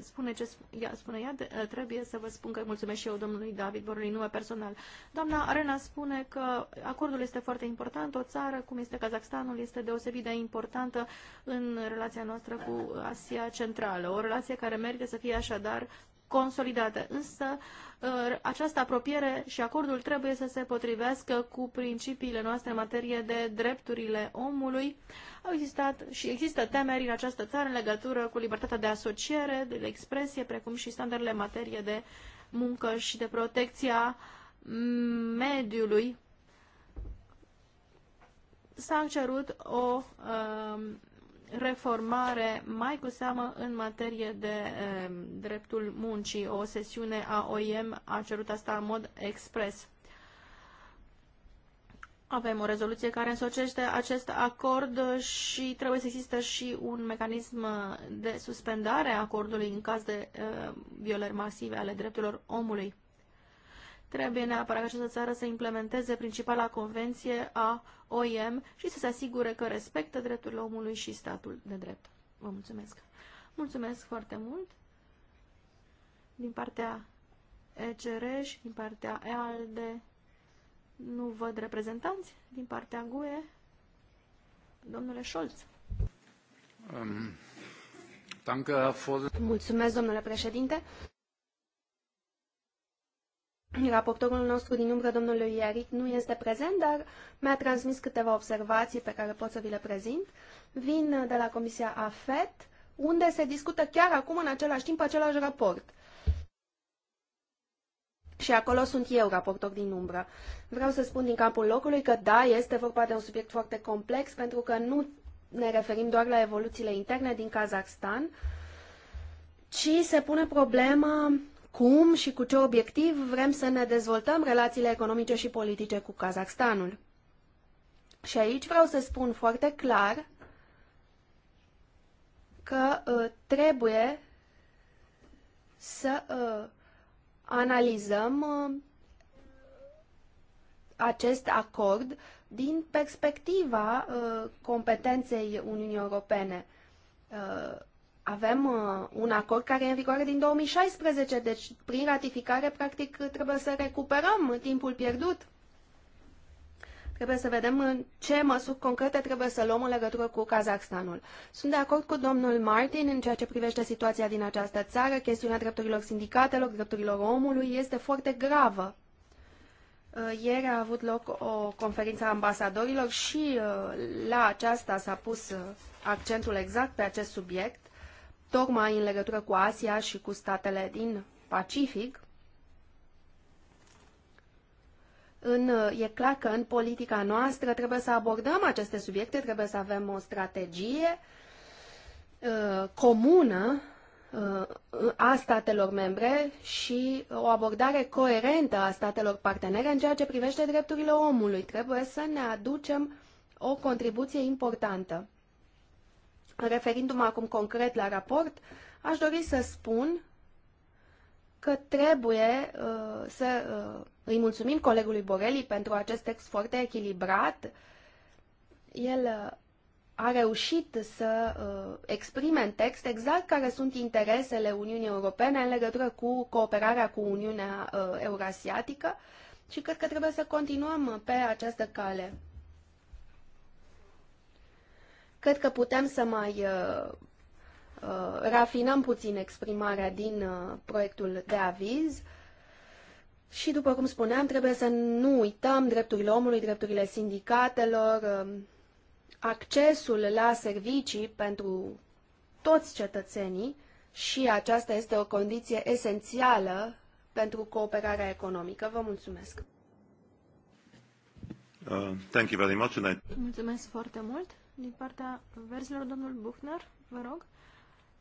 spune ce ea, spune ea, de, ă, trebuie să vă spun că mulțumesc și eu domnului David Borului, nume personal. Doamna Arena spune că acordul este foarte important. O țară, cum este Kazakhstanul, este deosebit de importantă în relația noastră cu Asia Centrală. O relație care merge să fie așadar consolidate. Însă uh, această apropiere și acordul trebuie să se potrivească cu principiile noastre în materie de drepturile omului. Au existat și există temeri în această țară în legătură cu libertatea de asociere, de expresie, precum și standardele în materie de muncă și de protecția mediului. S-a cerut o uh, reformare, mai cu seamă în materie de e, eh, dreptul muncii. O sesiune a OIM a cerut asta în mod expres. Avem o rezoluție care însocește acest acord și trebuie să existe și un mecanism de suspendare a acordului în caz de e, eh, violări masive ale drepturilor omului. Trebuie neapărat ca această țară să implementeze principala convenție a OIM și să se asigure că respectă drepturile omului și statul de drept. Vă mulțumesc! Mulțumesc foarte mult din partea ECR și din partea EALDE. Nu văd reprezentanți din partea GUE. Domnule Scholz. Um, Mulțumesc, domnule președinte. Raportorul nostru din umbră, domnului Iaric, nu este prezent, dar mi-a transmis câteva observații pe care pot să vi le prezint. Vin de la Comisia AFET, unde se discută chiar acum, în același timp, același raport. Și acolo sunt eu, raportor din umbră. Vreau să spun din capul locului că, da, este vorba de un subiect foarte complex, pentru că nu ne referim doar la evoluțiile interne din Kazakhstan, ci se pune problema cum și cu ce obiectiv vrem să ne dezvoltăm relațiile economice și politice cu Kazakhstanul. Și aici vreau să spun foarte clar că uh, trebuie să uh, analizăm uh, acest acord din perspectiva uh, competenței Uniunii Europene uh, avem uh, un acord care e în vigoare din 2016, deci prin ratificare, practic, trebuie să recuperăm timpul pierdut. Trebuie să vedem ce măsuri concrete trebuie să luăm în legătură cu Kazakhstanul. Sunt de acord cu domnul Martin în ceea ce privește situația din această țară. Chestiunea drepturilor sindicatelor, drepturilor omului este foarte gravă. Uh, ieri a avut loc o conferință a ambasadorilor și uh, la aceasta s-a pus accentul exact pe acest subiect tocmai în legătură cu Asia și cu statele din Pacific, în, e clar că în politica noastră trebuie să abordăm aceste subiecte, trebuie să avem o strategie uh, comună uh, a statelor membre și o abordare coerentă a statelor partenere în ceea ce privește drepturile omului. Trebuie să ne aducem o contribuție importantă. Referindu-mă acum concret la raport, aș dori să spun că trebuie uh, să uh, îi mulțumim colegului Borelli pentru acest text foarte echilibrat. El uh, a reușit să uh, exprime în text exact care sunt interesele Uniunii Europene în legătură cu cooperarea cu Uniunea uh, Eurasiatică și cred că trebuie să continuăm pe această cale. Cred că putem să mai uh, uh, rafinăm puțin exprimarea din uh, proiectul de aviz și, după cum spuneam, trebuie să nu uităm drepturile omului, drepturile sindicatelor, um, accesul la servicii pentru toți cetățenii și aceasta este o condiție esențială pentru cooperarea economică. Vă mulțumesc! Uh, thank you very much. Mulțumesc foarte mult! din partea verzilor, domnul Buchner, vă rog.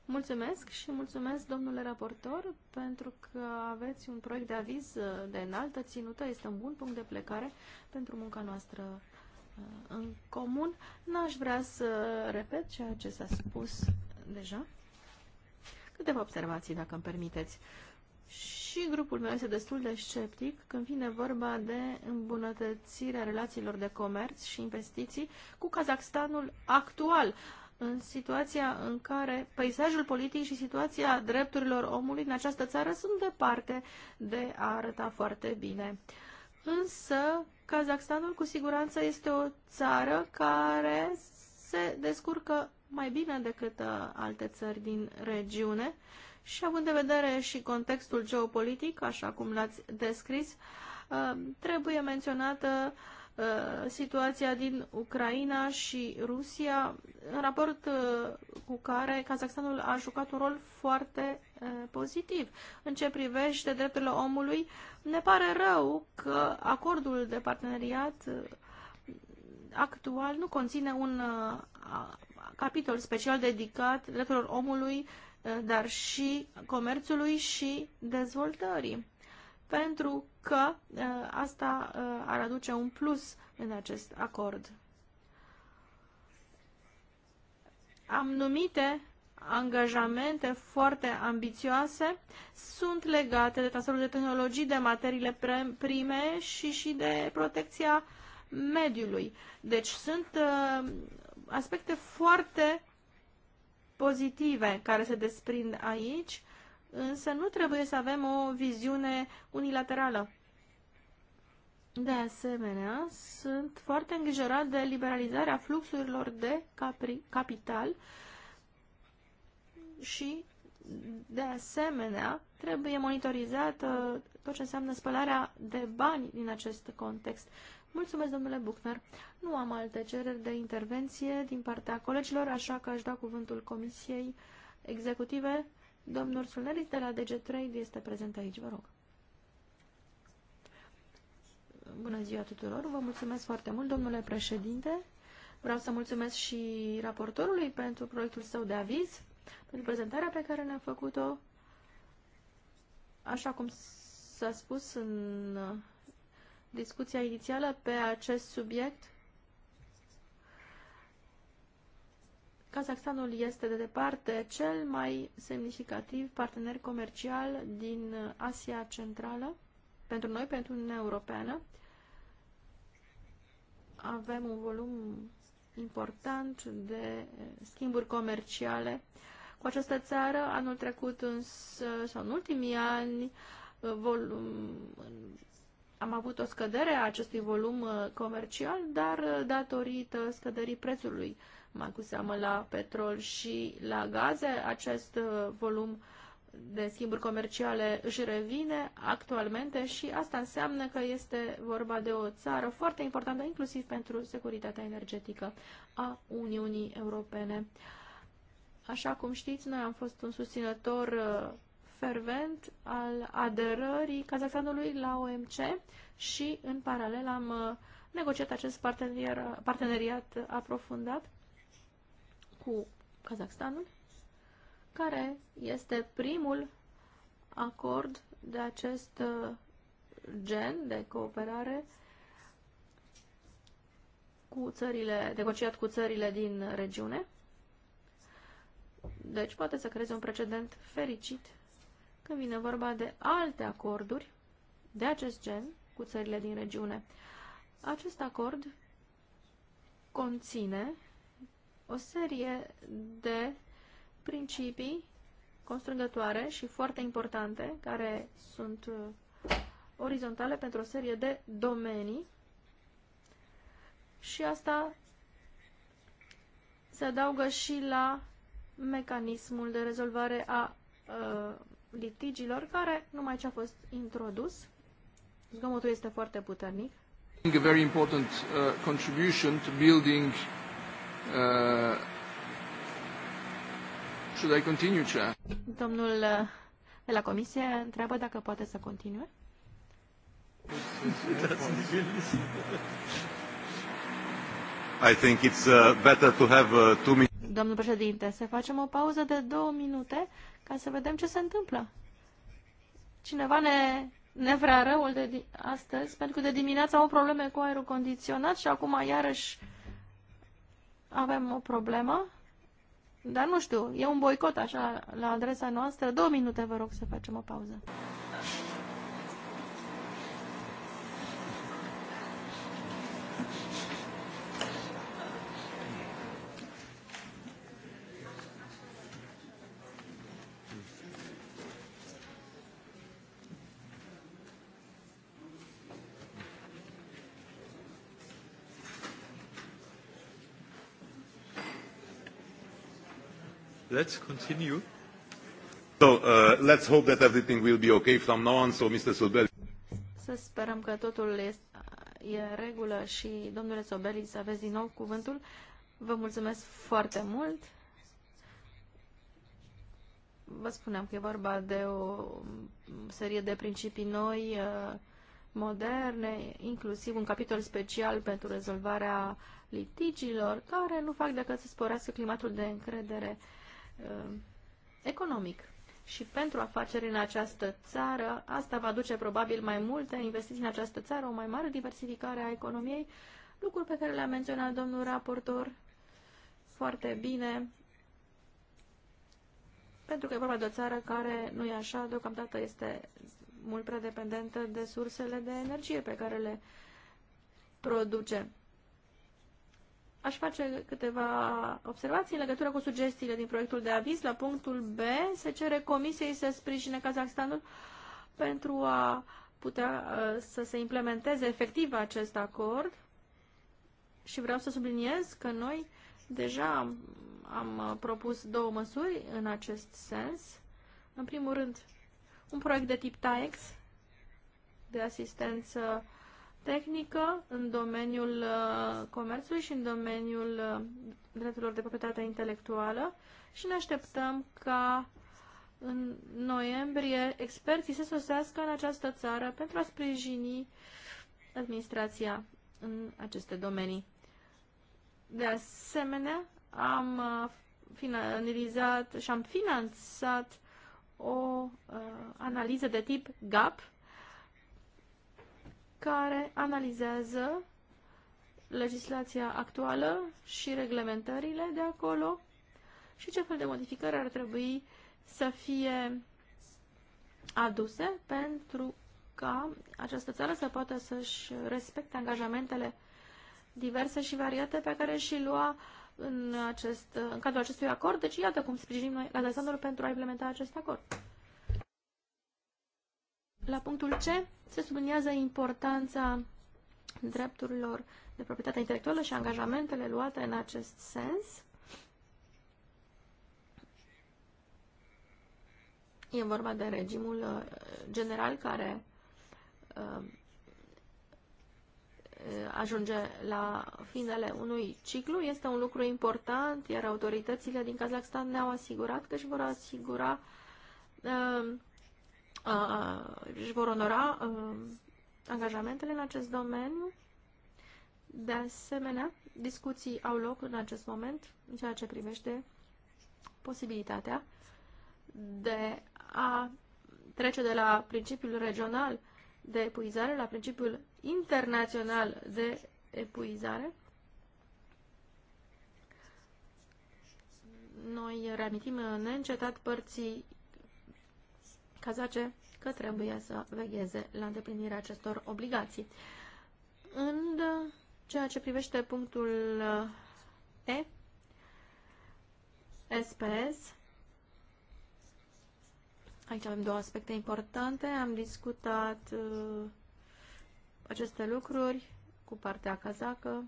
Mulțumesc și mulțumesc, domnule raportor, pentru că aveți un proiect de aviz uh, de înaltă ținută. Este un bun punct de plecare pentru munca noastră uh, în comun. N-aș vrea să repet ceea ce s-a spus deja. Câteva observații, dacă îmi permiteți. Uh, și grupul meu este destul de sceptic când vine vorba de îmbunătățirea relațiilor de comerț și investiții cu Kazakhstanul actual, în situația în care peisajul politic și situația drepturilor omului în această țară sunt departe de a arăta foarte bine. Însă, Kazakhstanul cu siguranță este o țară care se descurcă mai bine decât uh, alte țări din regiune și având în vedere și contextul geopolitic, așa cum l-ați descris, uh, trebuie menționată uh, situația din Ucraina și Rusia, în raport uh, cu care Kazakhstanul a jucat un rol foarte pozitiv. În ce privește drepturile omului, ne pare rău că acordul de parteneriat actual nu conține un capitol special dedicat drepturilor omului Uh, dar și comerțului și dezvoltării. Pentru că uh, asta uh, ar aduce un plus în acest acord. Am numite angajamente foarte ambițioase sunt legate de transferul de tehnologii, de materiile prime și și de protecția mediului. Deci sunt uh, aspecte foarte pozitive care se desprind aici, însă nu trebuie să avem o viziune unilaterală. De asemenea, sunt foarte îngrijorat de liberalizarea fluxurilor de capri, capital și, de asemenea, trebuie monitorizată tot ce înseamnă spălarea de bani din acest context. Mulțumesc, domnule Buchner. Nu am alte cereri de intervenție din partea colegilor, așa că aș da cuvântul Comisiei Executive. Domnul Sulneris de la DG3 este prezent aici, vă rog. Bună ziua tuturor, vă mulțumesc foarte mult, domnule președinte. Vreau să mulțumesc și raportorului pentru proiectul său de aviz, pentru prezentarea pe care ne-a făcut-o. Așa cum s-a spus în discuția inițială pe acest subiect. Kazakhstanul este de departe cel mai semnificativ partener comercial din Asia Centrală pentru noi, pentru Uniunea Europeană. Avem un volum important de schimburi comerciale cu această țară. Anul trecut însă, sau în ultimii ani, volum, am avut o scădere a acestui volum uh, comercial, dar uh, datorită scăderii prețului, mai cu seamă la petrol și la gaze, acest uh, volum de schimburi comerciale își revine actualmente și asta înseamnă că este vorba de o țară foarte importantă, inclusiv pentru securitatea energetică a Uniunii Europene. Așa cum știți, noi am fost un susținător fervent al aderării Kazahstanului la OMC și, în paralel, am uh, negociat acest parteneriat, parteneriat aprofundat cu Kazahstanul, care este primul acord de acest uh, gen de cooperare cu țările, negociat cu țările din regiune. Deci poate să creeze un precedent fericit când vine vorba de alte acorduri de acest gen cu țările din regiune. Acest acord conține o serie de principii constrângătoare și foarte importante, care sunt uh, orizontale pentru o serie de domenii și asta se adaugă și la mecanismul de rezolvare a uh, litigilor, care numai ce a fost introdus. Zgomotul este foarte puternic. A very important uh, contribution to building uh, Should I continue, Chair? Domnul uh, de la Comisie întreabă dacă poate să continue. I think it's uh, better to have uh, two minutes domnul președinte, să facem o pauză de două minute ca să vedem ce se întâmplă. Cineva ne, ne vrea răul de astăzi, pentru că de dimineață au probleme cu aerul condiționat și acum iarăși avem o problemă. Dar nu știu, e un boicot așa la adresa noastră. Două minute vă rog să facem o pauză. let's continue. So, uh, let's hope that everything will be okay from now on, so Mr. Sobel. Să sperăm că totul este e în regulă și, domnule Sobeli, să aveți din nou cuvântul. Vă mulțumesc foarte mult. Vă spuneam că e vorba de o serie de principii noi, uh, moderne, inclusiv un capitol special pentru rezolvarea litigiilor, care nu fac decât să sporească climatul de încredere Uh, economic. Și pentru afaceri în această țară, asta va duce probabil mai multe investiții în această țară, o mai mare diversificare a economiei, lucruri pe care le-a menționat domnul raportor foarte bine, pentru că e vorba de o țară care nu e așa, deocamdată este mult prea dependentă de sursele de energie pe care le produce aș face câteva observații în legătură cu sugestiile din proiectul de aviz. La punctul B se cere Comisiei să sprijine Kazakhstanul pentru a putea uh, să se implementeze efectiv acest acord și vreau să subliniez că noi deja am, am uh, propus două măsuri în acest sens. În primul rând, un proiect de tip TAEX de asistență tehnică în domeniul uh, comerțului și în domeniul uh, drepturilor de proprietate intelectuală și ne așteptăm ca în noiembrie experții să sosească în această țară pentru a sprijini administrația în aceste domenii. De asemenea, am uh, finalizat și am finanțat o uh, analiză de tip GAP care analizează legislația actuală și reglementările de acolo și ce fel de modificări ar trebui să fie aduse pentru ca această țară să poată să-și respecte angajamentele diverse și variate pe care și lua în, acest, în cadrul acestui acord. Deci iată cum sprijinim noi la pentru a implementa acest acord. La punctul C se subliniază importanța drepturilor de proprietate intelectuală și angajamentele luate în acest sens. E vorba de regimul uh, general care uh, ajunge la finele unui ciclu. Este un lucru important, iar autoritățile din Kazakhstan ne-au asigurat că își vor asigura uh, își vor onora um, angajamentele în acest domeniu. De asemenea, discuții au loc în acest moment în ceea ce privește posibilitatea de a trece de la principiul regional de epuizare la principiul internațional de epuizare. Noi reamintim neîncetat părții kazace că trebuie să vegheze la îndeplinirea acestor obligații. În ceea ce privește punctul uh, E, SPS, aici avem două aspecte importante. Am discutat uh, aceste lucruri cu partea cazacă,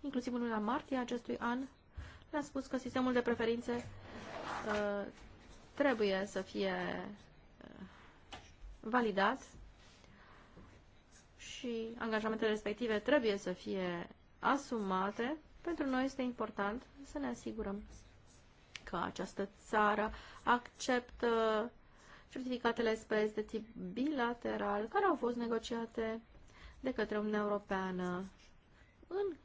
inclusiv în luna martie acestui an. le am spus că sistemul de preferințe uh, trebuie să fie uh, validat și angajamentele respective trebuie să fie asumate. Pentru noi este important să ne asigurăm că această țară acceptă certificatele SPS de tip bilateral care au fost negociate de către Uniunea Europeană în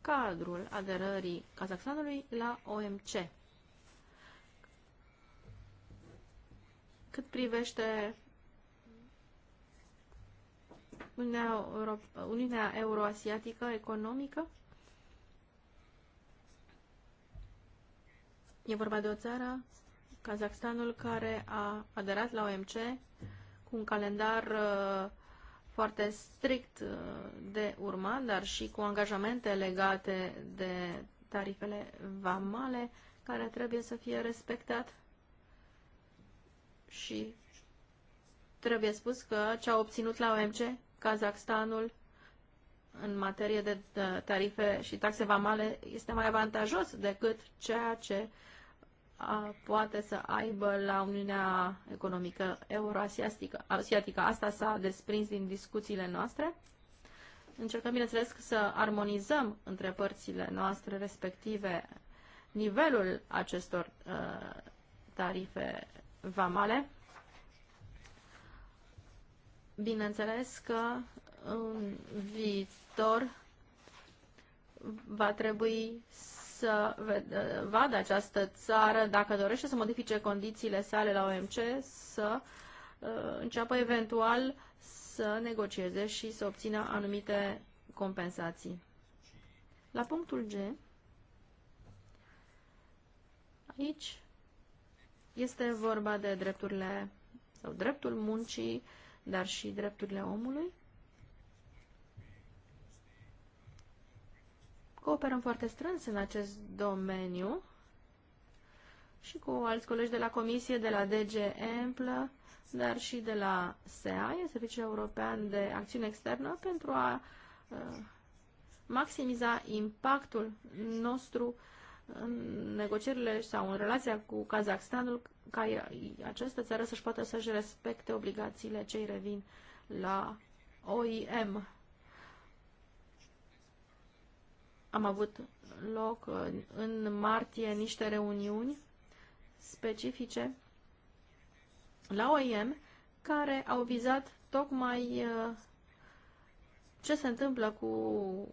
cadrul aderării Kazakhstanului la OMC. Cât privește Uniunea, Euro Uniunea Euroasiatică Economică, e vorba de o țară, Kazakhstanul, care a aderat la OMC cu un calendar uh, foarte strict uh, de urmat, dar și cu angajamente legate de tarifele vamale, care trebuie să fie respectat și trebuie spus că ce au obținut la OMC Kazakhstanul în materie de tarife și taxe vamale este mai avantajos decât ceea ce a, poate să aibă la Uniunea Economică Euroasiatică. Asta s-a desprins din discuțiile noastre. Încercăm, bineînțeles, să armonizăm între părțile noastre respective nivelul acestor uh, tarife vamale. Bineînțeles că în viitor va trebui să vadă această țară, dacă dorește să modifice condițiile sale la OMC, să uh, înceapă eventual să negocieze și să obțină anumite compensații. La punctul G, aici este vorba de drepturile sau dreptul muncii, dar și drepturile omului. Cooperăm foarte strâns în acest domeniu și cu alți colegi de la Comisie, de la DG Emplă, dar și de la SEA, Serviciul European de Acțiune Externă, pentru a uh, maximiza impactul nostru uh, în negocierile sau în relația cu Kazakhstanul ca această țară să-și poată să-și respecte obligațiile cei revin la OIM. Am avut loc în martie niște reuniuni specifice la OIM care au vizat tocmai uh, ce se întâmplă cu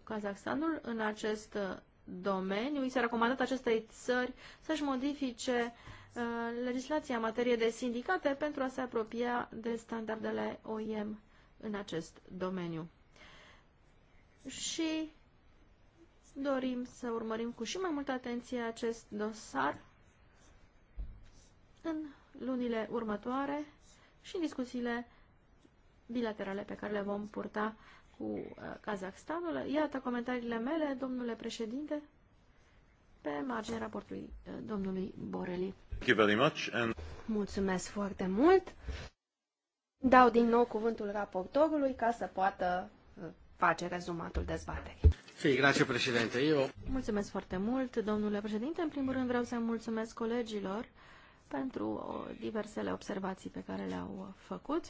Kazakhstanul în acest domeniu. I s-a recomandat acestei țări să-și modifice uh, legislația în materie de sindicate pentru a se apropia de standardele OIM în acest domeniu. Și dorim să urmărim cu și mai multă atenție acest dosar în lunile următoare și în discuțiile bilaterale pe care le vom purta cu uh, Kazakhstanul. Iată comentariile mele, domnule președinte, pe marginea raportului uh, domnului Boreli. Mulțumesc foarte mult! Dau din nou cuvântul raportorului ca să poată uh, face rezumatul dezbaterii. Fii, grație, președinte. Eu... Mulțumesc foarte mult, domnule președinte. În primul rând vreau să mulțumesc colegilor pentru diversele observații pe care le-au făcut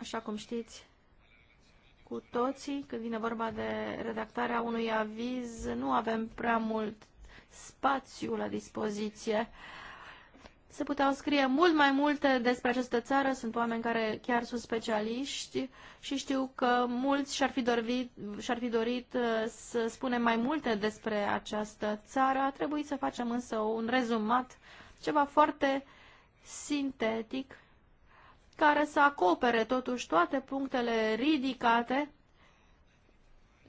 așa cum știți cu toții, când vine vorba de redactarea unui aviz, nu avem prea mult spațiu la dispoziție. Se puteau scrie mult mai multe despre această țară, sunt oameni care chiar sunt specialiști și știu că mulți și-ar fi, dorit, și-ar fi dorit uh, să spunem mai multe despre această țară. A trebuit să facem însă un rezumat, ceva foarte sintetic care să acopere totuși toate punctele ridicate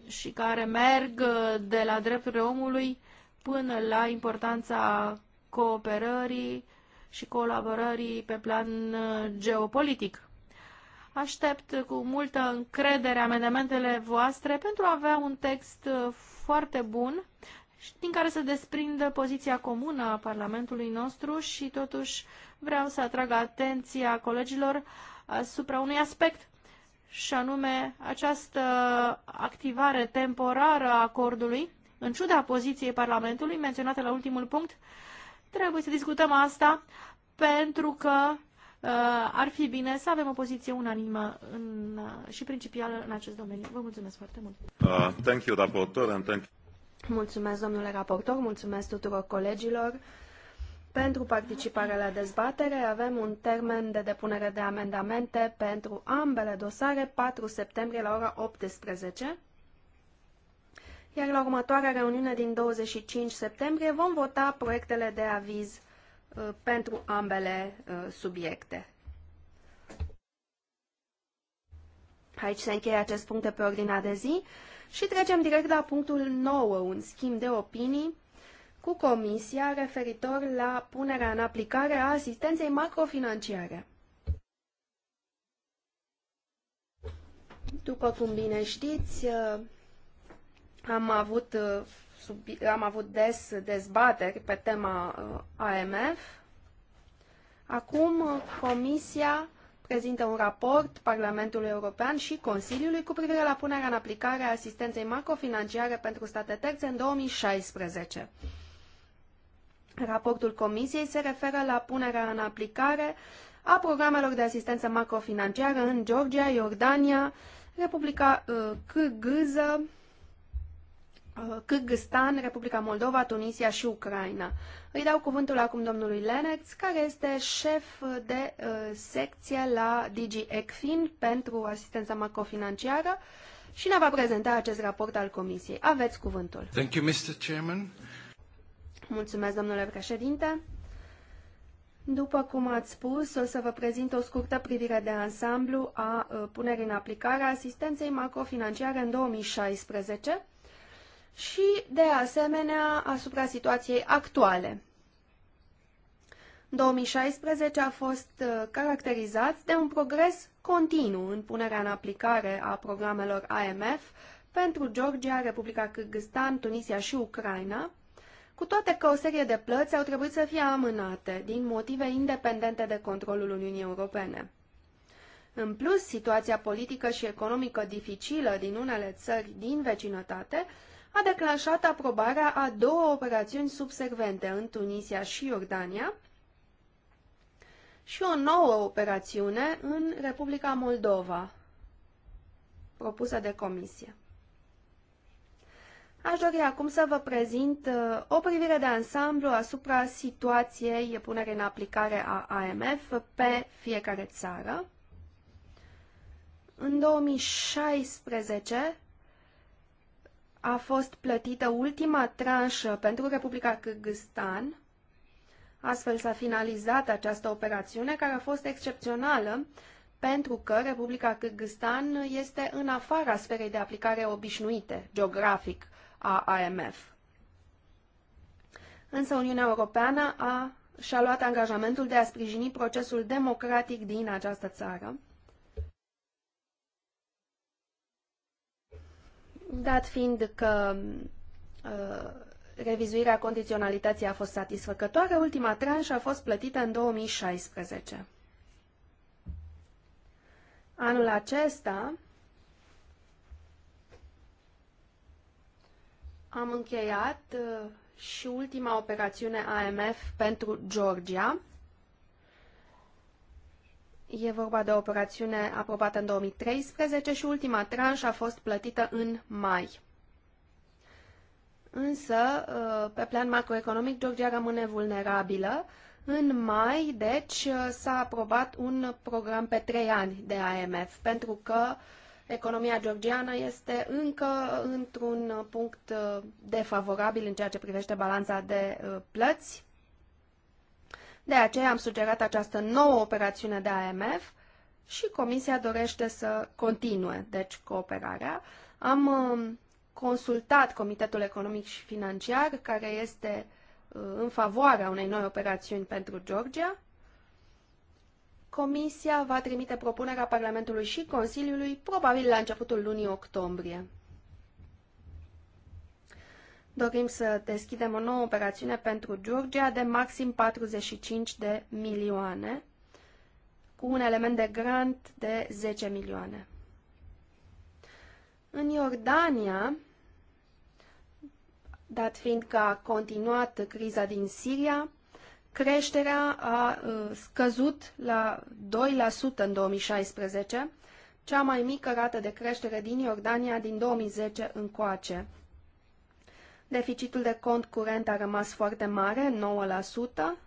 și care merg uh, de la drepturile omului până la importanța cooperării și colaborării pe plan uh, geopolitic. Aștept cu multă încredere amendamentele voastre pentru a avea un text uh, foarte bun din care să desprindă poziția comună a Parlamentului nostru și totuși vreau să atrag atenția colegilor asupra unui aspect și anume această activare temporară a acordului, în ciuda poziției Parlamentului menționată la ultimul punct, trebuie să discutăm asta pentru că uh, ar fi bine să avem o poziție unanimă în, uh, și principială în acest domeniu. Vă mulțumesc foarte mult. Uh, thank you, raportor, and thank you. Mulțumesc, domnule raportor, mulțumesc tuturor colegilor pentru participarea la dezbatere avem un termen de depunere de amendamente pentru ambele dosare, 4 septembrie la ora 18. Iar la următoarea reuniune din 25 septembrie vom vota proiectele de aviz uh, pentru ambele uh, subiecte. Aici se încheie acest punct de pe ordinea de zi și trecem direct la punctul 9, un schimb de opinii cu Comisia referitor la punerea în aplicare a asistenței macrofinanciare. După cum bine știți, uh, am avut, uh, sub, am avut des dezbateri pe tema uh, AMF. Acum Comisia prezintă un raport Parlamentului European și Consiliului cu privire la punerea în aplicare a asistenței macrofinanciare pentru state terțe în 2016. Raportul Comisiei se referă la punerea în aplicare a programelor de asistență macrofinanciară în Georgia, Iordania, Republica uh, Cârgâză, uh, Cârgâstan, Republica Moldova, Tunisia și Ucraina. Îi dau cuvântul acum domnului Lenex, care este șef de uh, secție la DG ECFIN pentru asistența macrofinanciară și ne va prezenta acest raport al Comisiei. Aveți cuvântul. Thank you, Mr. Chairman. Mulțumesc, domnule președinte. După cum ați spus, o să vă prezint o scurtă privire de ansamblu a uh, punerii în aplicare a asistenței macrofinanciare în 2016 și, de asemenea, asupra situației actuale. 2016 a fost uh, caracterizat de un progres continuu în punerea în aplicare a programelor AMF pentru Georgia, Republica Kyrgyzstan, Tunisia și Ucraina, cu toate că o serie de plăți au trebuit să fie amânate din motive independente de controlul Uniunii Europene. În plus, situația politică și economică dificilă din unele țări din vecinătate a declanșat aprobarea a două operațiuni subservente în Tunisia și Iordania și o nouă operațiune în Republica Moldova, propusă de Comisie. Aș dori acum să vă prezint uh, o privire de ansamblu asupra situației punere în aplicare a AMF pe fiecare țară. În 2016 a fost plătită ultima tranșă pentru Republica Kyrgyzstan. Astfel s-a finalizat această operațiune care a fost excepțională pentru că Republica Kyrgyzstan este în afara sferei de aplicare obișnuite geografic a IMF. Însă Uniunea Europeană a, și-a luat angajamentul de a sprijini procesul democratic din această țară, dat fiind că uh, revizuirea condiționalității a fost satisfăcătoare, ultima tranșă a fost plătită în 2016. Anul acesta, Am încheiat uh, și ultima operațiune AMF pentru Georgia. E vorba de o operațiune aprobată în 2013 și ultima tranșă a fost plătită în mai. Însă, uh, pe plan macroeconomic, Georgia rămâne vulnerabilă. În mai, deci, uh, s-a aprobat un program pe trei ani de AMF, pentru că uh, Economia georgiană este încă într-un punct uh, defavorabil în ceea ce privește balanța de uh, plăți. De aceea am sugerat această nouă operațiune de AMF și Comisia dorește să continue, deci, cooperarea. Am uh, consultat Comitetul Economic și Financiar, care este în favoarea unei noi operațiuni pentru Georgia Comisia va trimite propunerea Parlamentului și Consiliului, probabil la începutul lunii octombrie. Dorim să deschidem o nouă operațiune pentru Georgia de maxim 45 de milioane, cu un element de grant de 10 milioane. În Iordania, dat fiind că a continuat criza din Siria, Creșterea a scăzut la 2% în 2016, cea mai mică rată de creștere din Iordania din 2010 încoace. Deficitul de cont curent a rămas foarte mare, 9%,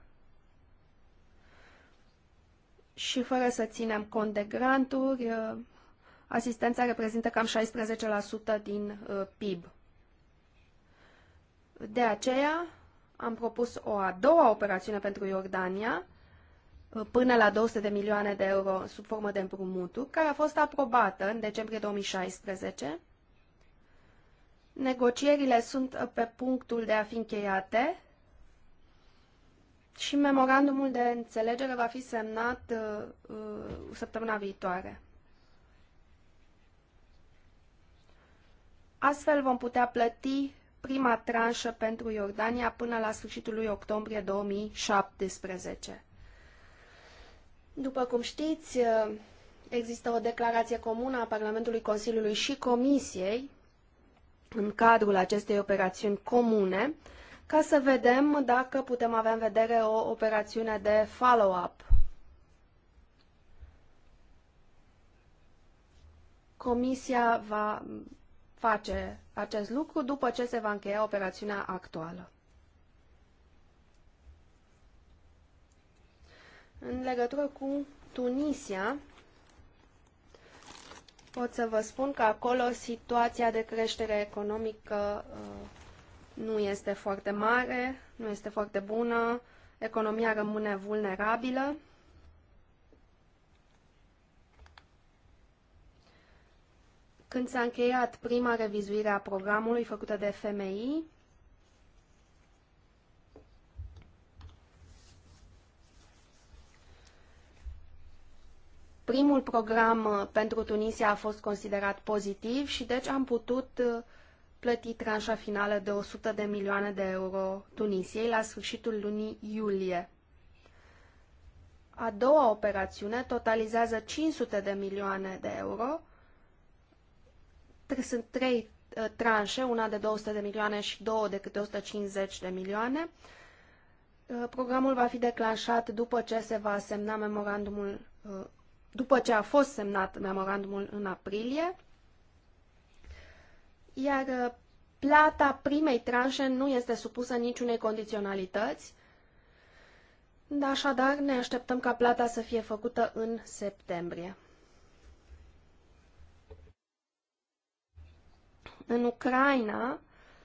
și fără să ținem cont de granturi, asistența reprezintă cam 16% din PIB. De aceea, am propus o a doua operațiune pentru Iordania, uh, până la 200 de milioane de euro sub formă de împrumuturi, care a fost aprobată în decembrie 2016. Negocierile sunt pe punctul de a fi încheiate și memorandumul de înțelegere va fi semnat uh, uh săptămâna viitoare. Astfel vom putea plăti prima tranșă pentru Iordania până la sfârșitul lui octombrie 2017. După cum știți, există o declarație comună a Parlamentului, Consiliului și Comisiei în cadrul acestei operațiuni comune, ca să vedem dacă putem avea în vedere o operațiune de follow-up. Comisia va face acest lucru după ce se va încheia operațiunea actuală. În legătură cu Tunisia, pot să vă spun că acolo situația de creștere economică uh, nu este foarte mare, nu este foarte bună, economia rămâne vulnerabilă. când s-a încheiat prima revizuire a programului făcută de FMI, primul program uh, pentru Tunisia a fost considerat pozitiv și deci am putut uh, plăti tranșa finală de 100 de milioane de euro Tunisiei la sfârșitul lunii iulie. A doua operațiune totalizează 500 de milioane de euro, sunt trei uh, tranșe, una de 200 de milioane și două de câte 150 de milioane. Uh, programul va fi declanșat după ce se va semna memorandumul, uh, după ce a fost semnat memorandumul în aprilie, iar plata primei tranșe nu este supusă niciunei condiționalități, așadar ne așteptăm ca plata să fie făcută în septembrie. În Ucraina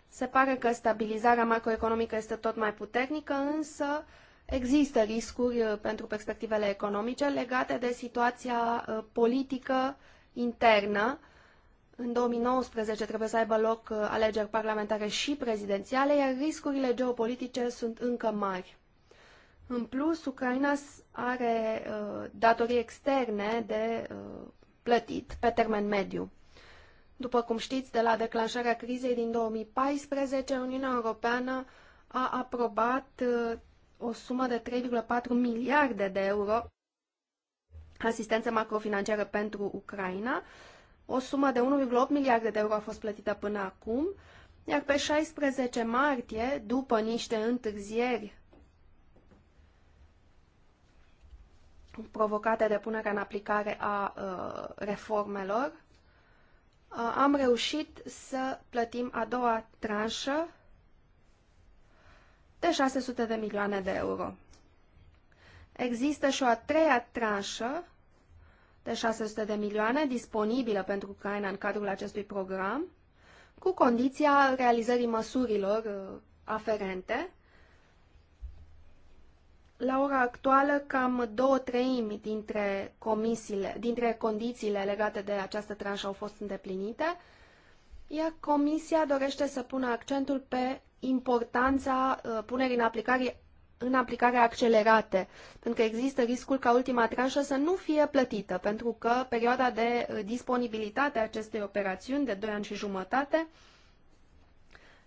se pare că stabilizarea macroeconomică este tot mai puternică, însă există riscuri uh, pentru perspectivele economice legate de situația uh, politică internă. În 2019 trebuie să aibă loc uh, alegeri parlamentare și prezidențiale, iar riscurile geopolitice sunt încă mari. În plus, Ucraina are uh, datorii externe de uh, plătit pe termen mediu. După cum știți, de la declanșarea crizei din 2014, Uniunea Europeană a aprobat uh, o sumă de 3,4 miliarde de euro asistență macrofinanciară pentru Ucraina. O sumă de 1,8 miliarde de euro a fost plătită până acum, iar pe 16 martie, după niște întârzieri provocate de punerea în aplicare a uh, reformelor, am reușit să plătim a doua tranșă de 600 de milioane de euro. Există și o a treia tranșă de 600 de milioane disponibilă pentru Ucraina în cadrul acestui program, cu condiția realizării măsurilor uh, aferente la ora actuală, cam două treimi dintre, comisiile, dintre condițiile legate de această tranșă au fost îndeplinite, iar Comisia dorește să pună accentul pe importanța uh, punerii în aplicare, în aplicare accelerate, pentru că există riscul ca ultima tranșă să nu fie plătită, pentru că perioada de uh, disponibilitate a acestei operațiuni, de 2 ani și jumătate,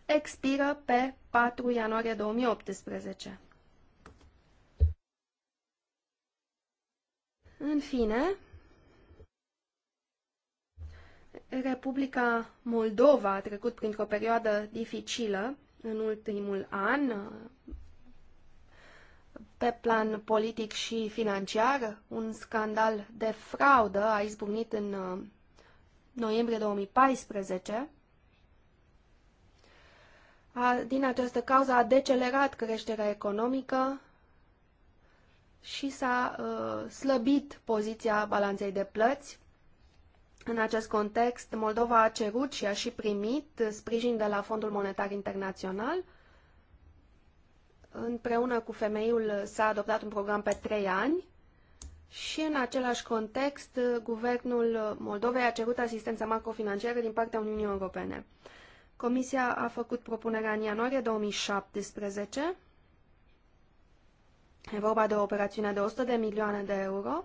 expiră pe 4 ianuarie 2018. În fine, Republica Moldova a trecut printr-o perioadă dificilă în ultimul an, pe plan politic și financiar. Un scandal de fraudă a izbucnit în uh, noiembrie 2014. A, din această cauză a decelerat creșterea economică, și s-a uh, slăbit poziția balanței de plăți. În acest context, Moldova a cerut și a și primit sprijin de la Fondul Monetar Internațional. Împreună cu femeiul s-a adoptat un program pe trei ani și în același context, guvernul Moldovei a cerut asistență macrofinanciară din partea Uniunii Europene. Comisia a făcut propunerea în ianuarie 2017 E vorba de o operațiune de 100 de milioane de euro,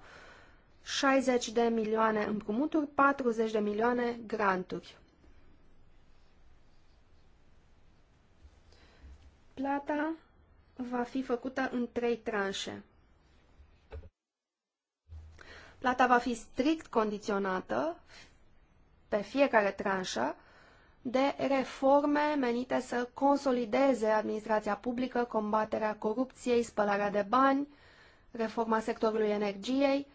60 de milioane împrumuturi, 40 de milioane granturi. Plata va fi făcută în trei tranșe. Plata va fi strict condiționată pe fiecare tranșă de reforme menite să consolideze administrația publică, combaterea corupției, spălarea de bani, reforma sectorului energiei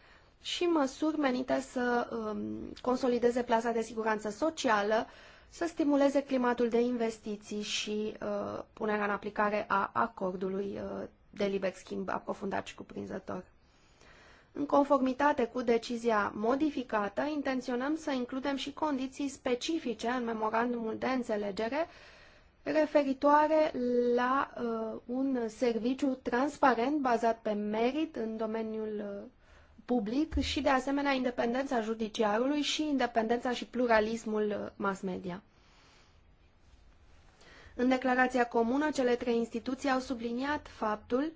și măsuri menite să um, consolideze plasa de siguranță socială, să stimuleze climatul de investiții și uh, punerea în aplicare a acordului uh, de liber schimb aprofundat și cuprinzător. În conformitate cu decizia modificată, intenționăm să includem și condiții specifice în memorandumul de înțelegere referitoare la uh, un serviciu transparent bazat pe merit în domeniul uh, public și, de asemenea, independența judiciarului și independența și pluralismul uh, mass media. În declarația comună, cele trei instituții au subliniat faptul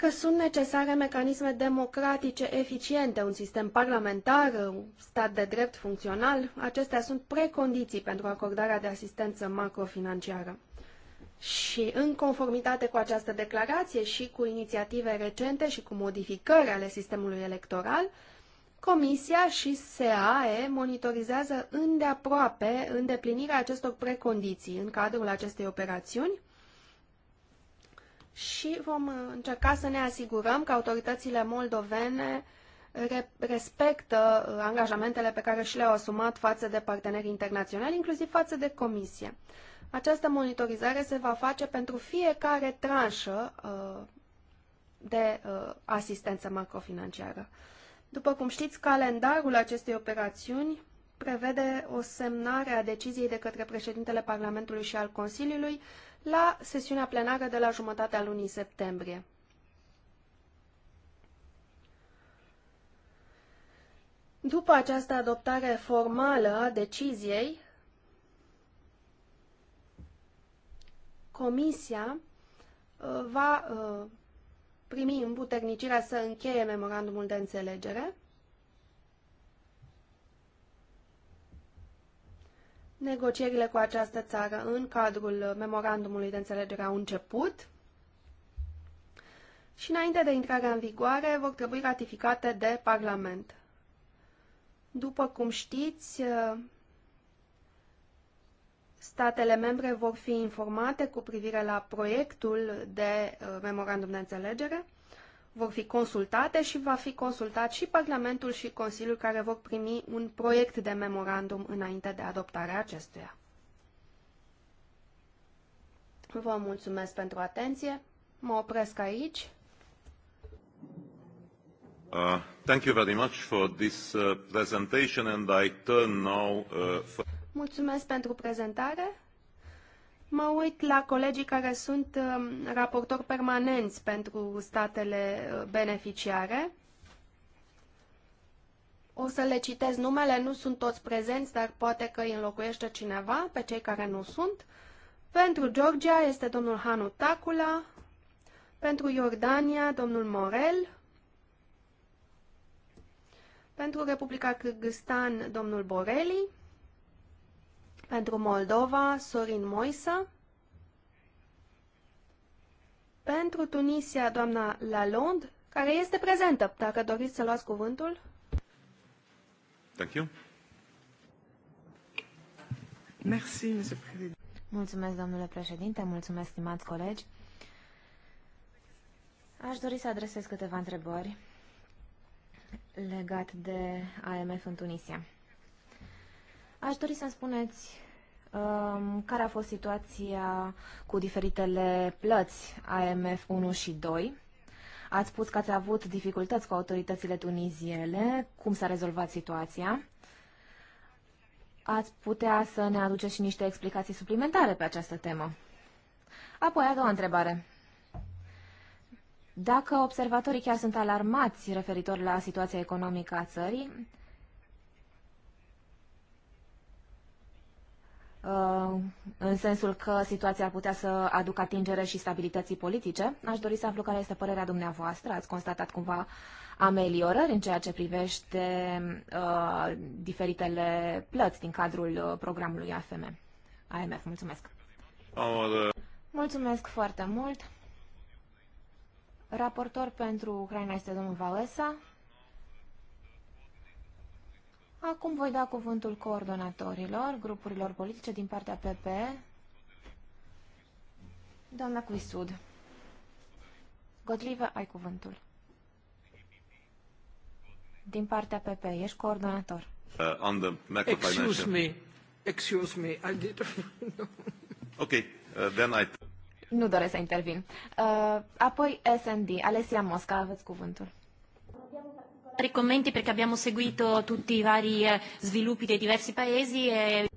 că sunt necesare mecanisme democratice eficiente, un sistem parlamentar, un stat de drept funcțional. Acestea sunt precondiții pentru acordarea de asistență macrofinanciară. Și în conformitate cu această declarație și cu inițiative recente și cu modificări ale sistemului electoral, Comisia și SAE monitorizează îndeaproape îndeplinirea acestor precondiții în cadrul acestei operațiuni și vom uh, încerca să ne asigurăm că autoritățile moldovene uh, respectă uh, angajamentele pe care și le-au asumat față de parteneri internaționali, inclusiv față de comisie. Această monitorizare se va face pentru fiecare tranșă de asistență macrofinanciară. După cum știți, calendarul acestei operațiuni prevede o semnare a deciziei de către președintele Parlamentului și al Consiliului la sesiunea plenară de la jumătatea lunii septembrie. După această adoptare formală a deciziei, Comisia uh, va uh, primi îmbuternicirea să încheie memorandumul de înțelegere Negocierile cu această țară în cadrul memorandumului de înțelegere au început și înainte de intrarea în vigoare vor trebui ratificate de Parlament. După cum știți, statele membre vor fi informate cu privire la proiectul de uh, memorandum de înțelegere vor fi consultate și va fi consultat și Parlamentul și Consiliul care vor primi un proiect de memorandum înainte de adoptarea acestuia. Vă mulțumesc pentru atenție. Mă opresc aici. Uh, thank you very much for this uh, presentation and I turn now uh, for... Mulțumesc pentru prezentare. Mă uit la colegii care sunt um, raportori permanenți pentru statele uh, beneficiare. O să le citez numele, nu sunt toți prezenți, dar poate că îi înlocuiește cineva pe cei care nu sunt. Pentru Georgia este domnul Hanu Tacula, pentru Iordania domnul Morel, pentru Republica Kyrgyzstan domnul Borelli, pentru Moldova, Sorin Moisa. Pentru Tunisia, doamna Lalonde, care este prezentă. Dacă doriți să luați cuvântul. Thank you. Merci, Mulțumesc, domnule președinte, mulțumesc, stimați colegi. Aș dori să adresez câteva întrebări legat de AMF în Tunisia. Aș dori să-mi spuneți um, care a fost situația cu diferitele plăți AMF 1 și 2. Ați spus că ați avut dificultăți cu autoritățile tuniziene. Cum s-a rezolvat situația? Ați putea să ne aduceți și niște explicații suplimentare pe această temă. Apoi, a doua întrebare. Dacă observatorii chiar sunt alarmați referitor la situația economică a țării, Uh, în sensul că situația ar putea să aducă atingere și stabilității politice. Aș dori să aflu care este părerea dumneavoastră. Ați constatat cumva ameliorări în ceea ce privește uh, diferitele plăți din cadrul uh, programului AFM. AMF, mulțumesc. Mulțumesc foarte mult. Raportor pentru Ucraina este domnul Valesa. Acum voi da cuvântul coordonatorilor, grupurilor politice din partea PP. Doamna Cuisud. Godlivă, ai cuvântul. Din partea PP, ești coordonator. Uh, on the excuse me, excuse me, I did. [laughs] ok, uh, then I... Nu doresc să intervin. Uh, apoi SND, Alessia Mosca, aveți cuvântul. Tre commenti perché abbiamo seguito tutti i vari eh, sviluppi dei diversi paesi e...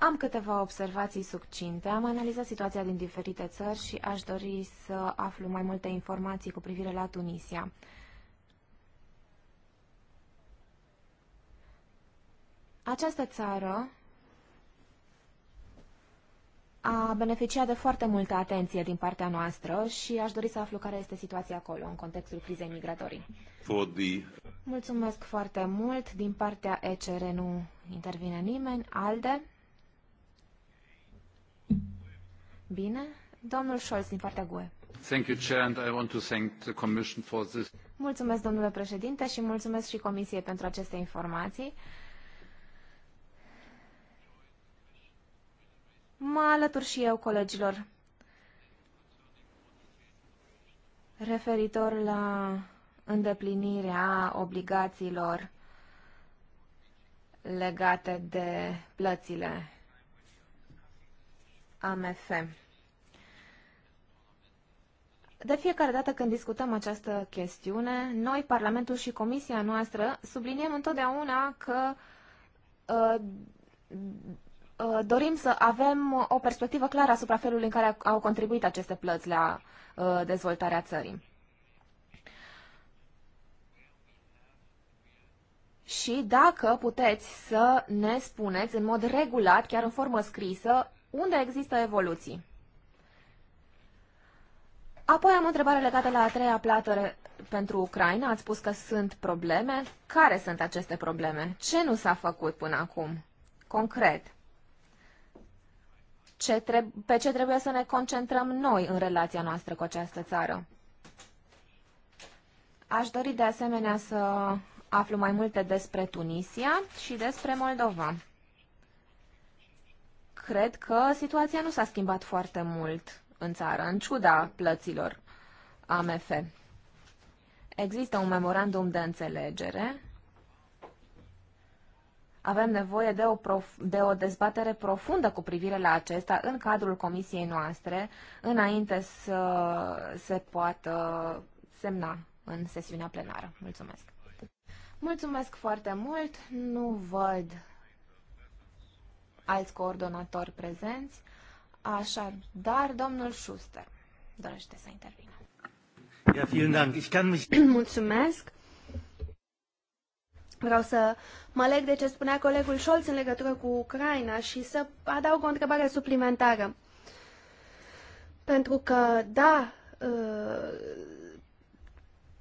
Am câteva observații succinte. Am analizat situația din diferite țări și aș dori să aflu mai multe informații cu privire la Tunisia. Această țară a beneficiat de foarte multă atenție din partea noastră și aș dori să aflu care este situația acolo în contextul crizei migratorii. The... Mulțumesc foarte mult. Din partea ECR nu intervine nimeni. ALDE? Bine. Domnul Scholz din partea GUE. Thank you, Chair, and I want to thank the Commission for this. Mulțumesc, domnule președinte, și mulțumesc și Comisiei pentru aceste informații. Mă alătur și eu colegilor referitor la îndeplinirea obligațiilor legate de plățile AMF. De fiecare dată când discutăm această chestiune, noi, Parlamentul și Comisia noastră, subliniem întotdeauna că uh, Uh, dorim să avem o perspectivă clară asupra felului în care au contribuit aceste plăți la uh, dezvoltarea țării. Și dacă puteți să ne spuneți în mod regulat, chiar în formă scrisă, unde există evoluții. Apoi am o întrebare legată la a treia plată pentru Ucraina. Ați spus că sunt probleme. Care sunt aceste probleme? Ce nu s-a făcut până acum? Concret ce pe ce trebuie să ne concentrăm noi în relația noastră cu această țară. Aș dori de asemenea să aflu mai multe despre Tunisia și despre Moldova. Cred că situația nu s-a schimbat foarte mult în țară, în ciuda plăților AMF. Există un memorandum de înțelegere avem nevoie de o, prof- de o dezbatere profundă cu privire la acesta în cadrul comisiei noastre, înainte să se poată semna în sesiunea plenară. Mulțumesc! Mulțumesc foarte mult! Nu văd alți coordonatori prezenți, așa, dar domnul Schuster dorește să intervină. Mulțumesc! Vreau să mă leg de ce spunea colegul Scholz în legătură cu Ucraina și să adaug o întrebare suplimentară. Pentru că, da, uh,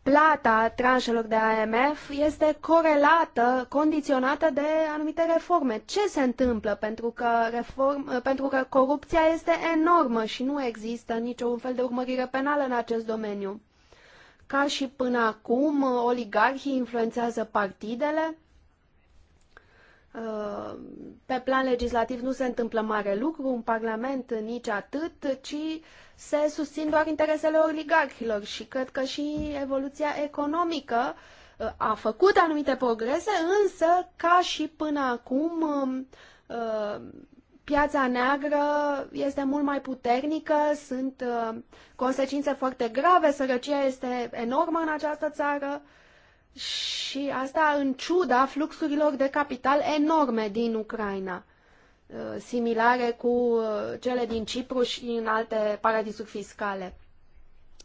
plata tranșelor de AMF este corelată, condiționată de anumite reforme. Ce se întâmplă? Pentru că, reform, uh, pentru că corupția este enormă și nu există niciun fel de urmărire penală în acest domeniu. Ca și până acum, oligarhii influențează partidele. Uh, pe plan legislativ nu se întâmplă mare lucru în Parlament nici atât, ci se susțin doar interesele oligarhilor și cred că și evoluția economică uh, a făcut anumite progrese, însă ca și până acum uh, piața neagră este mult mai puternică, sunt uh, consecințe foarte grave, sărăcia este enormă în această țară și asta în ciuda fluxurilor de capital enorme din Ucraina, uh, similare cu uh, cele din Cipru și în alte paradisuri fiscale.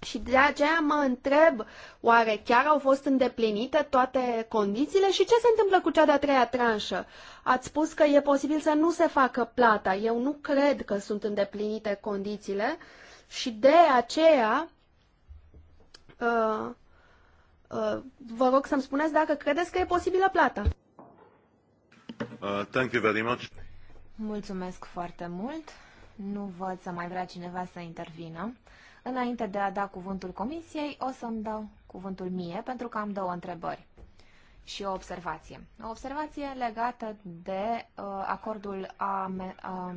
Și de aceea mă întreb, oare chiar au fost îndeplinite toate condițiile și ce se întâmplă cu cea de-a treia tranșă? Ați spus că e posibil să nu se facă plata. Eu nu cred că sunt îndeplinite condițiile și de aceea uh, uh, vă rog să-mi spuneți dacă credeți că e posibilă plata. Uh, thank you very much. Mulțumesc foarte mult. Nu văd să mai vrea cineva să intervină. Înainte de a da cuvântul comisiei, o să-mi dau cuvântul mie, pentru că am două întrebări și o observație. O observație legată de uh, acordul AM, um,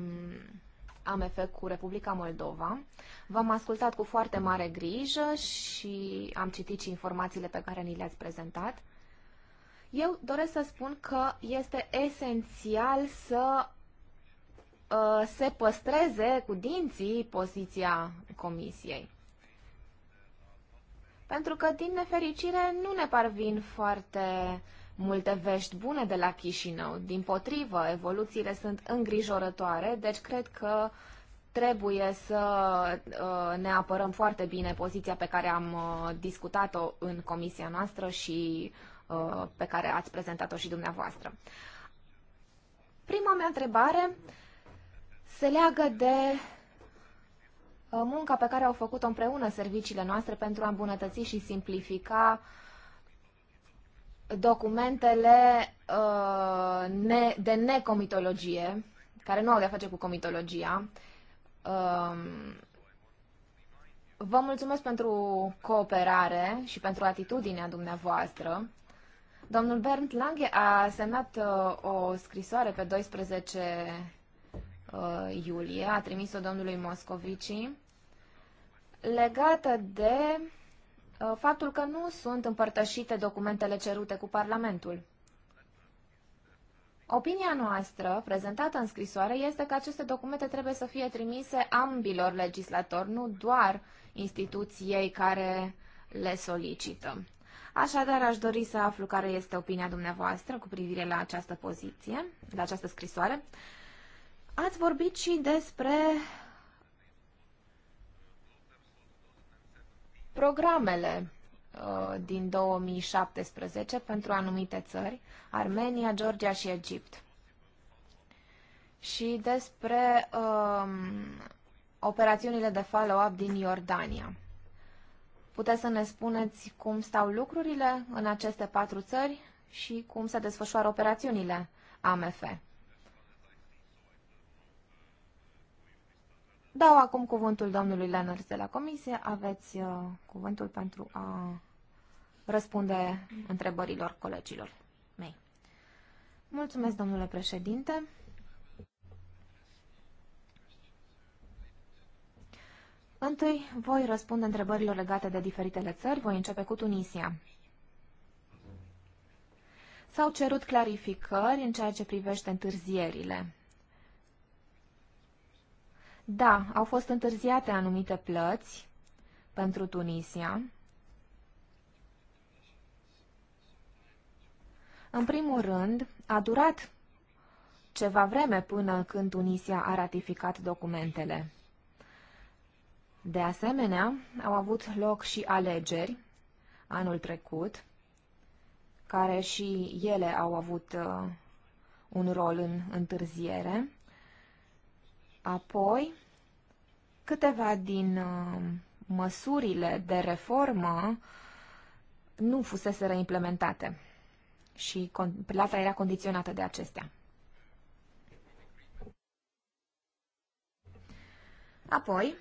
AMF cu Republica Moldova. V-am ascultat cu foarte mare grijă și am citit și informațiile pe care ni le-ați prezentat. Eu doresc să spun că este esențial să Uh, se păstreze cu dinții poziția comisiei. Pentru că, din nefericire, nu ne parvin foarte multe vești bune de la Chișinău. Din potrivă, evoluțiile sunt îngrijorătoare, deci cred că trebuie să uh, ne apărăm foarte bine poziția pe care am uh, discutat-o în comisia noastră și pe care ați prezentat-o și dumneavoastră. Prima mea întrebare se leagă de uh, munca pe care au făcut-o împreună serviciile noastre pentru a îmbunătăți și simplifica documentele uh, de necomitologie, care nu au de-a face cu comitologia. Um, vă mulțumesc pentru cooperare și pentru atitudinea dumneavoastră. Domnul Bernd Lange a semnat uh, o scrisoare pe 12 uh, iulie, a trimis-o domnului Moscovici, legată de uh, faptul că nu sunt împărtășite documentele cerute cu Parlamentul. Opinia noastră, prezentată în scrisoare, este că aceste documente trebuie să fie trimise ambilor legislatori, nu doar instituției care le solicită. Așadar, aș dori să aflu care este opinia dumneavoastră cu privire la această poziție, la această scrisoare. Ați vorbit și despre programele uh, din 2017 pentru anumite țări, Armenia, Georgia și Egipt. Și despre um, operațiunile de follow-up din Iordania. Puteți să ne spuneți cum stau lucrurile în aceste patru țări și cum se desfășoară operațiunile AMF? Dau acum cuvântul domnului Lenners de la comisie. Aveți uh, cuvântul pentru a răspunde întrebărilor colegilor mei. Mulțumesc, domnule președinte. Întâi voi răspunde întrebărilor legate de diferitele țări. Voi începe cu Tunisia. S-au cerut clarificări în ceea ce privește întârzierile da, au fost întârziate anumite plăți pentru Tunisia. În primul rând, a durat ceva vreme până când Tunisia a ratificat documentele. De asemenea, au avut loc și alegeri anul trecut, care și ele au avut uh, un rol în întârziere. Apoi, câteva din uh, măsurile de reformă nu fuseseră implementate și plata era condiționată de acestea. Apoi,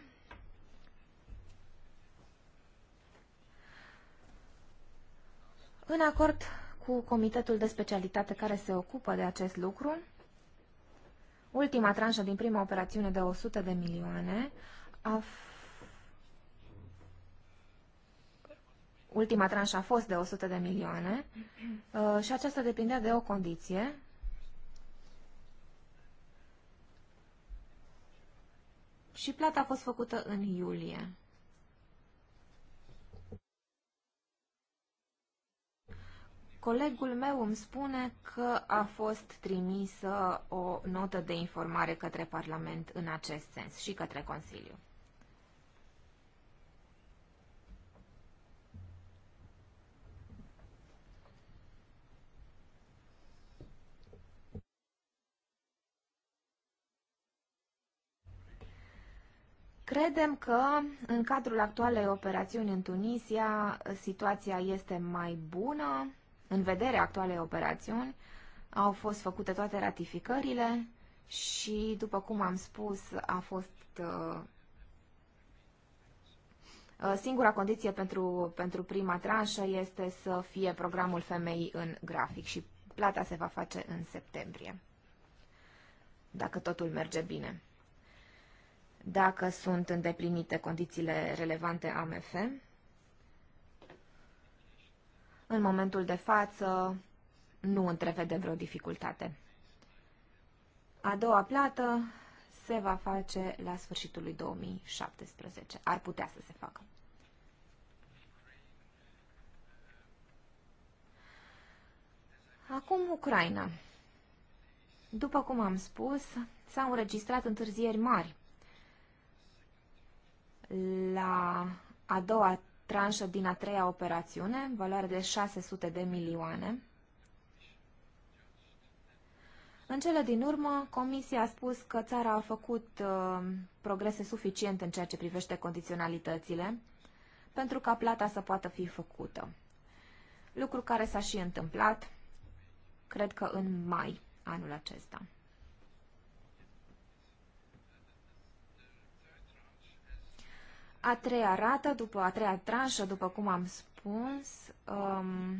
în acord cu comitetul de specialitate care se ocupă de acest lucru, Ultima tranșă din prima operațiune de 100 de milioane a Ultima tranșă a fost de 100 de milioane uh, și aceasta depindea de o condiție. Și plata a fost făcută în iulie. Colegul meu îmi spune că a fost trimisă o notă de informare către Parlament în acest sens și către Consiliu. Credem că în cadrul actualei operațiuni în Tunisia situația este mai bună în vedere actualei operațiuni, au fost făcute toate ratificările și, după cum am spus, a fost uh, uh, singura condiție pentru, pentru prima tranșă este să fie programul femei în grafic și plata se va face în septembrie, dacă totul merge bine. Dacă sunt îndeplinite condițiile relevante AMF, în momentul de față nu întrevede vreo dificultate. A doua plată se va face la sfârșitul lui 2017. Ar putea să se facă. Acum Ucraina. După cum am spus, s-au înregistrat întârzieri mari la a doua tranșă din a treia operațiune, în valoare de 600 de milioane. În cele din urmă, Comisia a spus că țara a făcut uh, progrese suficiente în ceea ce privește condiționalitățile pentru ca plata să poată fi făcută. Lucru care s-a și întâmplat, cred că în mai anul acesta. A treia rată, după a treia tranșă, după cum am spus, um,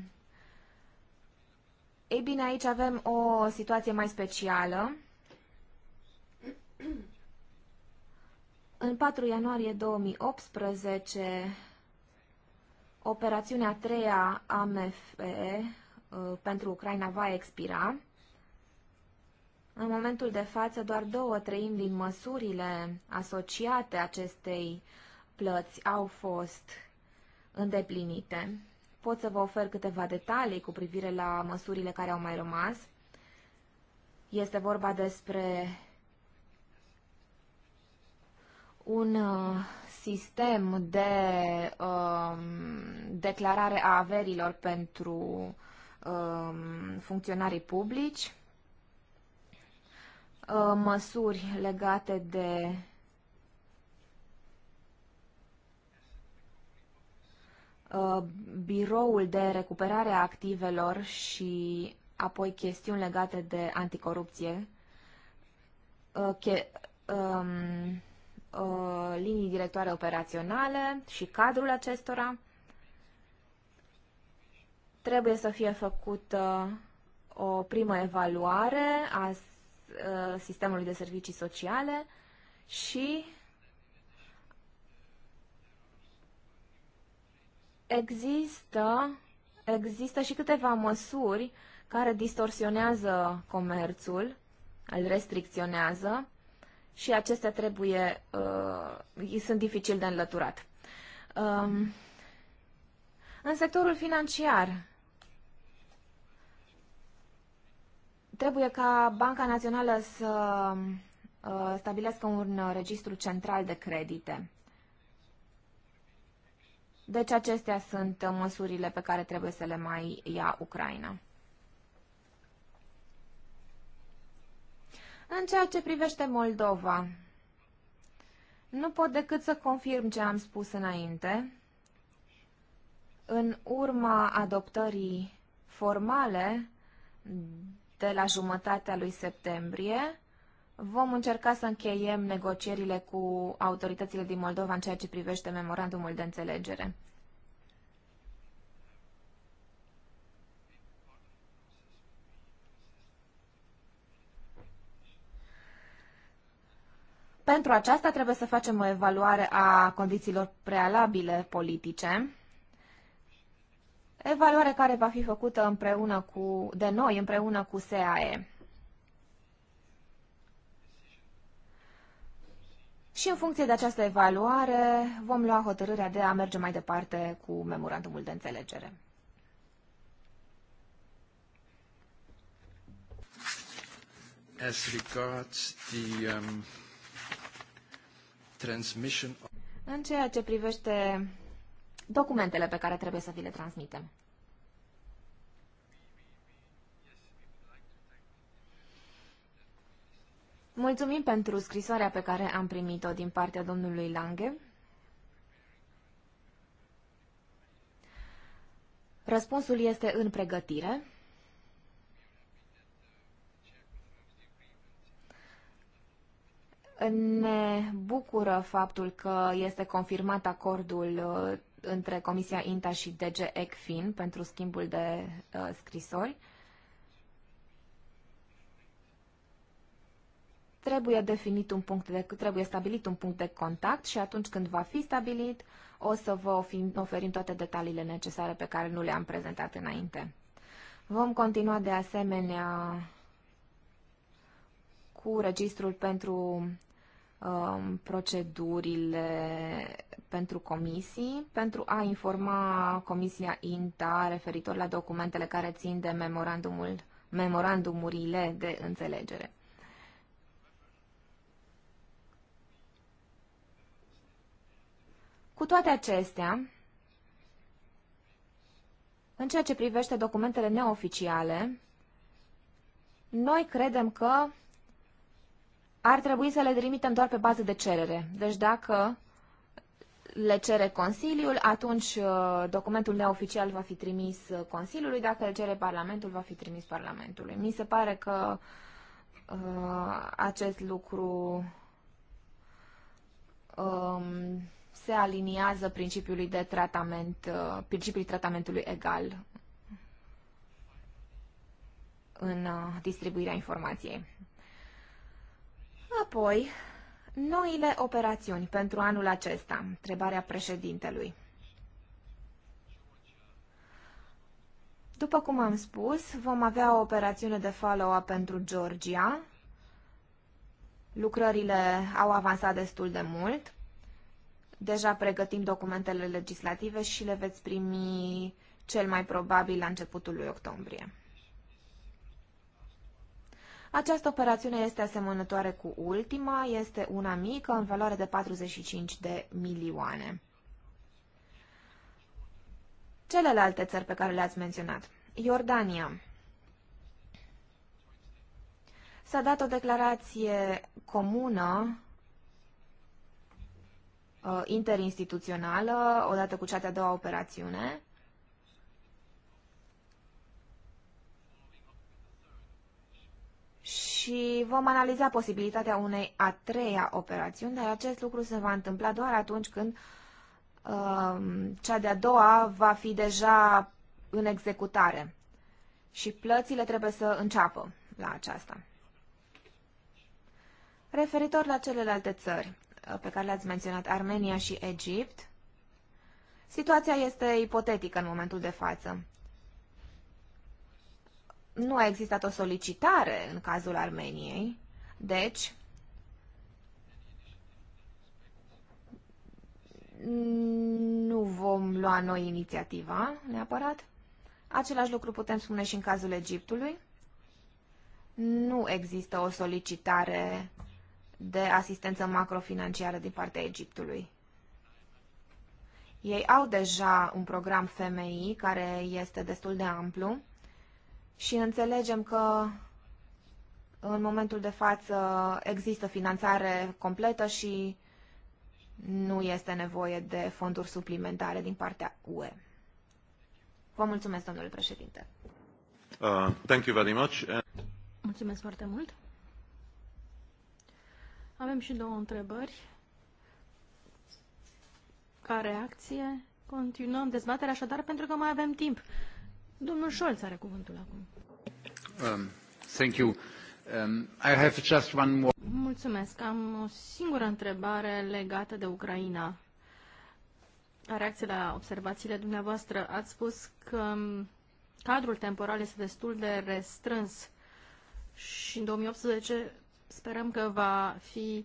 ei bine, aici avem o situație mai specială. În 4 ianuarie 2018, operațiunea a treia AMFE uh, pentru Ucraina va expira. În momentul de față, doar două treimi din măsurile asociate acestei uh, plăți au fost îndeplinite. Pot să vă ofer câteva detalii cu privire la măsurile care au mai rămas. Este vorba despre un uh, sistem de um, declarare a averilor pentru um, funcționarii publici, uh, măsuri legate de Uh, biroul de recuperare a activelor și apoi chestiuni legate de anticorupție, uh, um, uh, linii directoare operaționale și cadrul acestora. Trebuie să fie făcută o primă evaluare a sistemului de servicii sociale și Există, există și câteva măsuri care distorsionează comerțul, îl restricționează și acestea trebuie, uh, sunt dificil de înlăturat. Um, în sectorul financiar, trebuie ca Banca Națională să uh, stabilească un registru central de credite. Deci acestea sunt uh, măsurile pe care trebuie să le mai ia Ucraina. În ceea ce privește Moldova, nu pot decât să confirm ce am spus înainte. În urma adoptării formale de la jumătatea lui septembrie, Vom încerca să încheiem negocierile cu autoritățile din Moldova în ceea ce privește memorandumul de înțelegere. Pentru aceasta trebuie să facem o evaluare a condițiilor prealabile politice, evaluare care va fi făcută împreună cu, de noi împreună cu SAE. Și în funcție de această evaluare vom lua hotărârea de a merge mai departe cu memorandumul de înțelegere. As regards the, um, transmission... În ceea ce privește documentele pe care trebuie să vi le transmitem. Mulțumim pentru scrisoarea pe care am primit-o din partea domnului Lange. Răspunsul este în pregătire. Ne bucură faptul că este confirmat acordul uh, între Comisia INTA și DG ECFIN pentru schimbul de uh, scrisori. trebuie definit un punct de, trebuie stabilit un punct de contact și atunci când va fi stabilit, o să vă oferim toate detaliile necesare pe care nu le-am prezentat înainte. Vom continua de asemenea cu registrul pentru um, procedurile pentru comisii, pentru a informa Comisia INTA referitor la documentele care țin de memorandumul, memorandumurile de înțelegere. Cu toate acestea, în ceea ce privește documentele neoficiale, noi credem că ar trebui să le trimitem doar pe bază de cerere. Deci dacă le cere Consiliul, atunci uh, documentul neoficial va fi trimis uh, Consiliului, dacă le cere Parlamentul, va fi trimis Parlamentului. Mi se pare că uh, acest lucru um, se aliniază principiului de tratament, uh, principiului tratamentului egal în uh, distribuirea informației. Apoi, noile operațiuni pentru anul acesta, întrebarea președintelui. După cum am spus, vom avea o operațiune de follow-up pentru Georgia. Lucrările au avansat destul de mult. Deja pregătim documentele legislative și le veți primi cel mai probabil la începutul lui octombrie. Această operațiune este asemănătoare cu ultima, este una mică, în valoare de 45 de milioane. Celelalte țări pe care le-ați menționat. Iordania. S-a dat o declarație comună uh, interinstituțională, odată cu cea de-a doua operațiune. Și vom analiza posibilitatea unei a treia operațiuni, dar acest lucru se va întâmpla doar atunci când uh, cea de-a doua va fi deja în executare. Și plățile trebuie să înceapă la aceasta. Referitor la celelalte țări, pe care le-ați menționat, Armenia și Egipt, situația este ipotetică în momentul de față. Nu a existat o solicitare în cazul Armeniei, deci nu vom lua noi inițiativa neapărat. Același lucru putem spune și în cazul Egiptului. Nu există o solicitare de asistență macrofinanciară din partea Egiptului. Ei au deja un program FMI care este destul de amplu și înțelegem că în momentul de față există finanțare completă și nu este nevoie de fonduri suplimentare din partea UE. Vă mulțumesc, domnule președinte. Uh, thank you very much. Mulțumesc foarte mult. Avem și două întrebări. Ca reacție, continuăm dezbaterea așadar pentru că mai avem timp. Domnul Scholz are cuvântul acum. Um, thank you. Um, I have just one more. Mulțumesc. Am o singură întrebare legată de Ucraina. A reacție la observațiile dumneavoastră, ați spus că um, cadrul temporal este destul de restrâns și în 2018 sperăm că va fi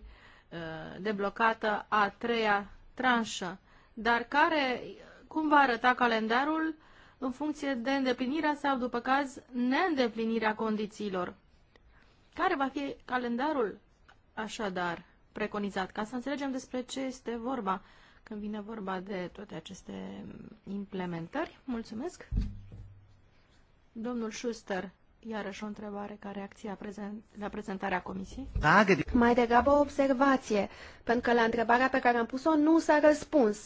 uh, deblocată a treia tranșă, dar care, cum va arăta calendarul în funcție de îndeplinirea sau, după caz, neîndeplinirea condițiilor. Care va fi calendarul, așadar, preconizat, ca să înțelegem despre ce este vorba când vine vorba de toate aceste implementări. Mulțumesc! Domnul Schuster, Iarăși o întrebare ca reacție la, prezent, la prezentarea comisiei. Mai degrabă o observație, pentru că la întrebarea pe care am pus-o nu s-a răspuns.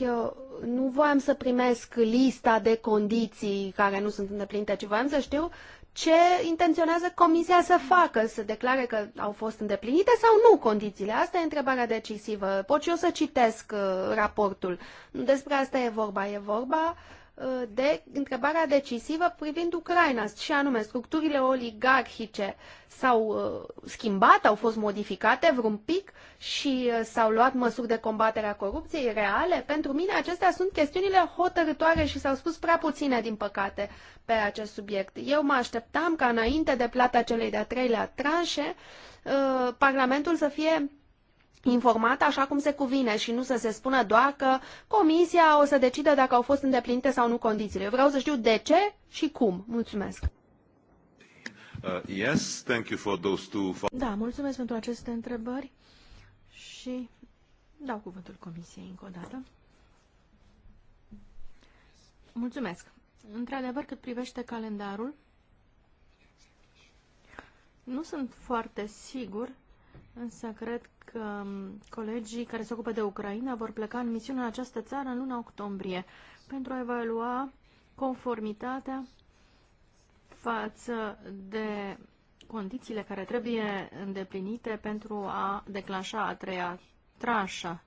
Eu nu voiam să primesc lista de condiții care nu sunt îndeplinite, ci voiam să știu ce intenționează comisia să facă, să declare că au fost îndeplinite sau nu condițiile. Asta e întrebarea decisivă. Pot și eu să citesc uh, raportul. Despre asta e vorba. E vorba uh, Uh, de întrebarea decisivă privind Ucraina, și anume structurile oligarhice s-au uh, schimbat, au fost modificate vreun pic și uh, s-au luat măsuri de combatere a corupției reale. Pentru mine acestea sunt chestiunile hotărătoare și s-au spus prea puține, din păcate, pe acest subiect. Eu mă așteptam ca înainte de plata celei de-a treilea tranșe, Parlamentul să fie informat așa cum se cuvine și nu să se spună doar că comisia o să decidă dacă au fost îndeplinite sau nu condițiile. Eu vreau să știu de ce și cum. Mulțumesc. Uh, yes, thank you for those two... Da, mulțumesc pentru aceste întrebări și dau cuvântul comisiei încă o dată. Mulțumesc. Într-adevăr, cât privește calendarul, nu sunt foarte sigur însă cred că um, colegii care se ocupă de Ucraina vor pleca în misiune în această țară în luna octombrie pentru a evalua conformitatea față de condițiile care trebuie îndeplinite pentru a declanșa a treia tranșă.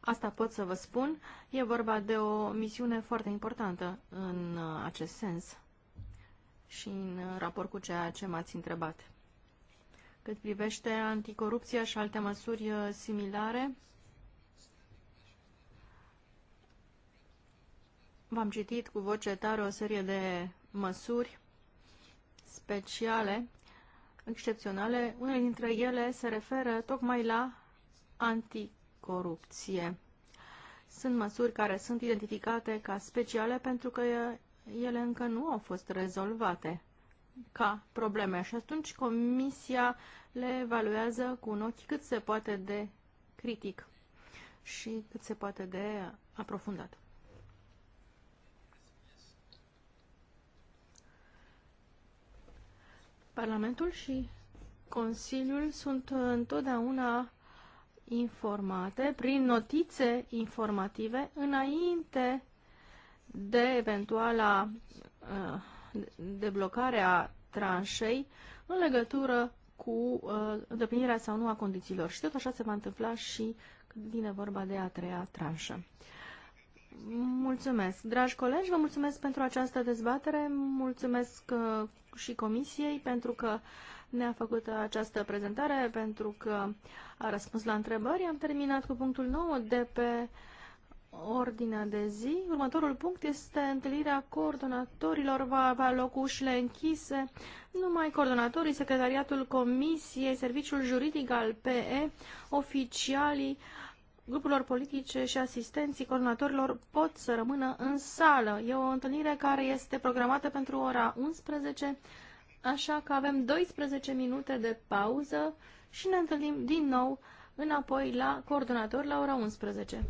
Asta pot să vă spun. E vorba de o misiune foarte importantă în uh, acest sens și în uh, raport cu ceea ce m-ați întrebat cât privește anticorupția și alte măsuri uh, similare. V-am citit cu voce tare o serie de măsuri speciale, excepționale. Unele dintre ele se referă tocmai la anticorupție. Sunt măsuri care sunt identificate ca speciale pentru că uh, ele încă nu au fost rezolvate ca probleme și atunci comisia le evaluează cu un ochi cât se poate de critic și cât se poate de aprofundat. Parlamentul și Consiliul sunt întotdeauna informate prin notițe informative înainte de eventuala uh, deblocarea tranșei în legătură cu uh, îndeplinirea sau nu a condițiilor. Și tot așa se va întâmpla și când vine vorba de a treia tranșă. Mulțumesc. Dragi colegi, vă mulțumesc pentru această dezbatere, mulțumesc uh, și comisiei pentru că ne-a făcut această prezentare, pentru că a răspuns la întrebări. Am terminat cu punctul 9 de pe ordinea de zi. Următorul punct este întâlnirea coordonatorilor. Va avea loc ușile închise. Numai coordonatorii, secretariatul comisiei, serviciul juridic al PE, oficialii grupurilor politice și asistenții coordonatorilor pot să rămână în sală. E o întâlnire care este programată pentru ora 11, așa că avem 12 minute de pauză și ne întâlnim din nou înapoi la coordonator la ora 11.